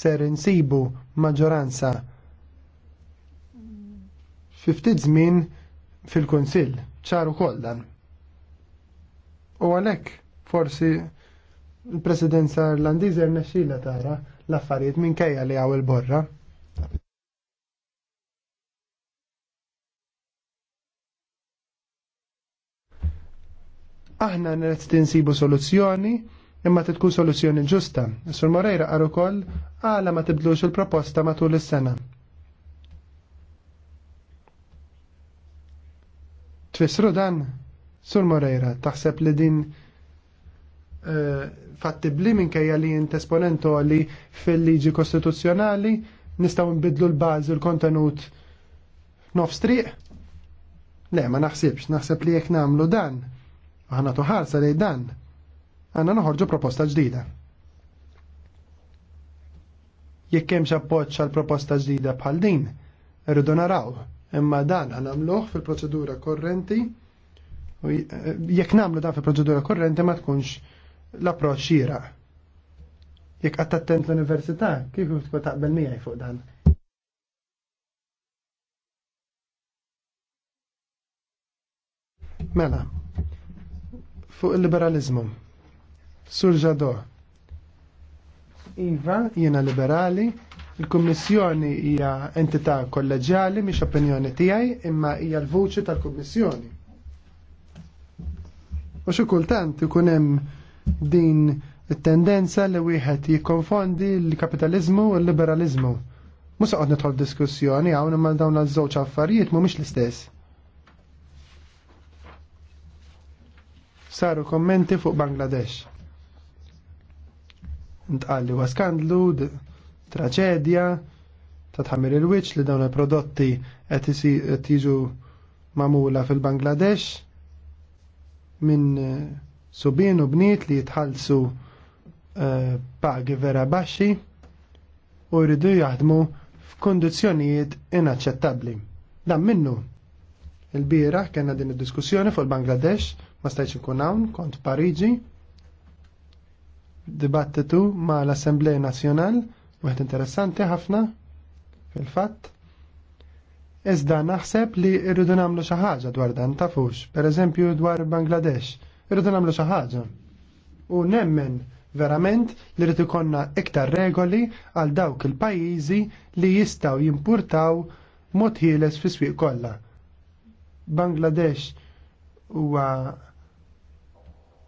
ser insibu maġġoranza fi ftit żmien fil-Kunsill ċaru koll dan. U għalhekk forsi il-presidenza irlandiża rnexxila tara l-affarijiet minkejja li għaw il-borra. Aħna nirret tinsibu soluzzjoni imma titkun soluzzjoni ġusta. Sur Moreira għaru ukoll għala ma tibdlux il-proposta matul is-sena. Tfessru dan? Sur Moreira, taħseb li din eh, fattibli minkejja li jint kajja li fil-liġi kostituzzjonali nistaw nbidlu l-bazi l-kontenut nofs triq? Le, ma naħsibx, naħseb li jek namlu dan, għanna tuħarsa li dan, għanna noħorġu proposta ġdida. Jekk kemx appoċ għal proposta ġdida bħal din, irridu naraw. Imma dan għan għamluħ fil-proċedura korrenti, u eh, jekk namlu dan fil-proċedura korrenti ma tkunx l-approċ xira. Jekk attent l-università, kif tkun taqbel mija fuq dan? Mela, fuq il-liberalizmu. Sur ġado. Iva, jena liberali, Il-Kummissjoni hija entità kolleġjali mhix opinjoni tiegħi imma hija l-vuċi tal-Kummissjoni. U xi kultant ikun hemm din it-tendenza li wieħed jikkonfondi l-kapitaliżmu u l-liberaliżmu. Mhux qed nidħol diskussjoni hawn imma dawn iż-żewġ affarijiet mhumiex l-istess. Saru kommenti fuq Bangladesh. Ntqalli wa skandlu traċedja ta' tħammir il-wiċ li dawn il-prodotti qed jiġu mamula fil-Bangladesh minn eh, subin u bniet li jitħallsu uh, pagi vera baxxi u jridu jaħdmu f'kundizzjonijiet inaċċettabbli. Dan minnu il-bira kena din id-diskussjoni fuq il-Bangladesh, ma stajċi nkun hawn, kont Pariġi, dibattitu ma l-Assemblea Nazzjonal Wieħed interessanti ħafna fil-fatt. Iżda naħseb li rridu nagħmlu xi ħaġa dwar dan tafux, pereżempju dwar Bangladesh, irridu nagħmlu xi ħaġa. U nemmen verament li rridu konna iktar regoli għal dawk il-pajjiżi li jistgħu jimpurtaw mod ħieles fis swieq kollha. Bangladesh huwa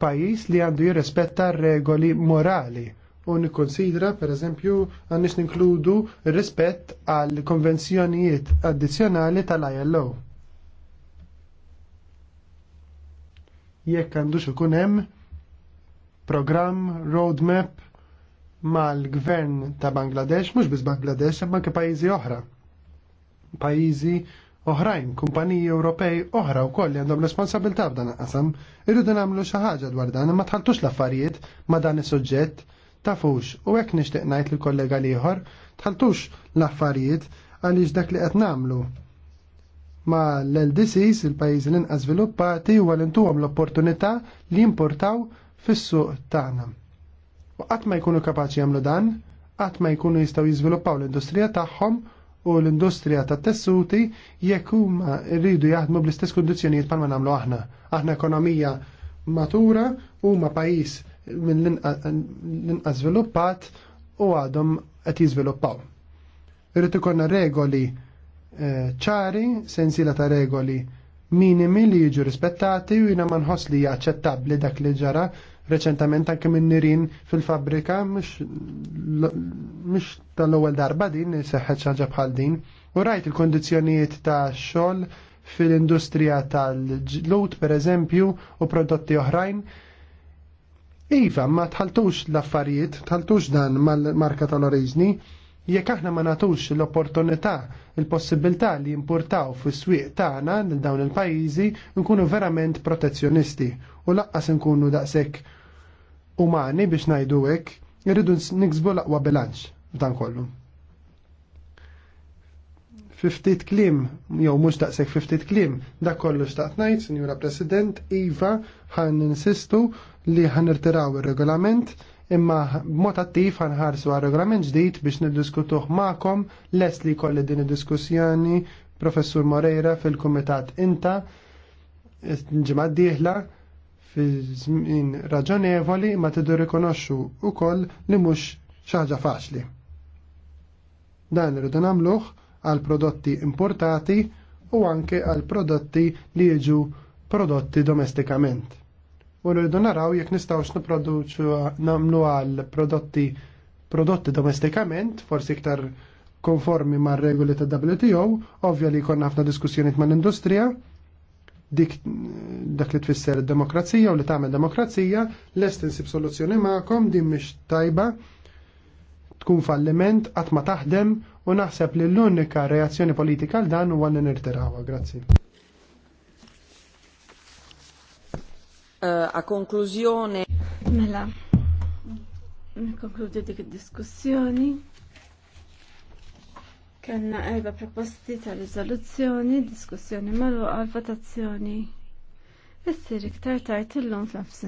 pajjiż li għandu jirrispetta r regoli morali u nikkonsidra pereżempju għannix ninkludu rispett għal konvenzjonijiet addizzjonali tal-ILO. Jekk għandux ikun hemm programm, roadmap mal-gvern ta' Bangladesh, mhux biss Bangladesh, hemm anke pajjiżi oħra. Pajjiżi oħrajn, kumpaniji Ewropej oħra wkoll li għandhom responsabilità f'dan qasam, irridu nagħmlu xi ħaġa dwar dan, ma tħaltux l-affarijiet ma' dan is-suġġett tafux u hekk nixtieq ngħid lill-kollega liħor tħaltux l-affarijiet għaliex dak li qed nagħmlu ma l-LDCs, il-pajjiżi l-inqas żviluppati huwa għalintu għam l-opportunità li importaw fis-suq tagħna. U qatt ma jkunu kapaċi jagħmlu dan, qatt ma jkunu jistgħu jiżviluppaw l-industrija tagħhom u l-industrija ta' tessuti jekk huma rridu jaħdmu bl-istess kundizzjonijiet ma nagħmlu aħna. Aħna ekonomija matura huma pajjiż minn l-inqas żviluppat u għadhom qed jiżviluppaw. Irrid ikollna regoli eh, ċari, sensiela ta' regoli minimi li jiġu rispettati u jiena ma nħoss li aċċettabbli dak li ġara reċentament anke minn nirin fil-fabrika mhux tal-ewwel darba din li seħħet ħaġa bħal din u rajt il-kondizzjonijiet ta' xogħol fil-industrija tal-ġlut pereżempju u prodotti oħrajn Iva, ma tħaltux l-affarijiet, tħaltux dan mal-marka tal-oriġni, jekk aħna ma natux l-opportunità, il-possibilità li importaw fis swieq tagħna lil dawn il-pajjiżi nkunu verament protezzjonisti u laqqas nkunu daqshekk umani biex ngħidu hekk, irridu niksbu l-aqwa bilanċ dan kollu. 50 klim, jew mhux daqseg ftit klim, dak kollu xtaqt ngħid, Sinjura President, iva ħan insistu li ħan irtiraw ir-regolament imma b'mod attiv ħarsu għal regolament ġdid biex niddiskutuh maqom lest li kolli din id-diskussjoni Professur Moreira fil-Kumitat Inta ġimgħa d-dieħla fil-żmien raġonevoli ma tidu rikonoxxu koll li mhux xaħġa faċli. Dan irridu nagħmluh għal prodotti importati u anke għal prodotti li jiġu prodotti domestikament. U rridu naraw jekk nistgħux nipproduċu nagħmlu għal prodotti prodotti domestikament, forsi iktar konformi ma' regoli ta' WTO, ovvja li jkollna ħafna diskussjoniet ma' l-industrija, dik dak li tfisser demokrazija u li tagħmel demokrazija, lest insib soluzzjoni magħkom din mhix tajba tkun falliment qatt ma taħdem u naħseb li l-unika reazzjoni politika għal dan huwa li nirtirawa. Grazzi. Eh, a konklużjoni. Mela, nikkonkludi dik id-diskussjoni. Kanna erba proposti ta' riżoluzzjoni, diskussjoni mal-votazzjoni. Issir iktar tard illum fl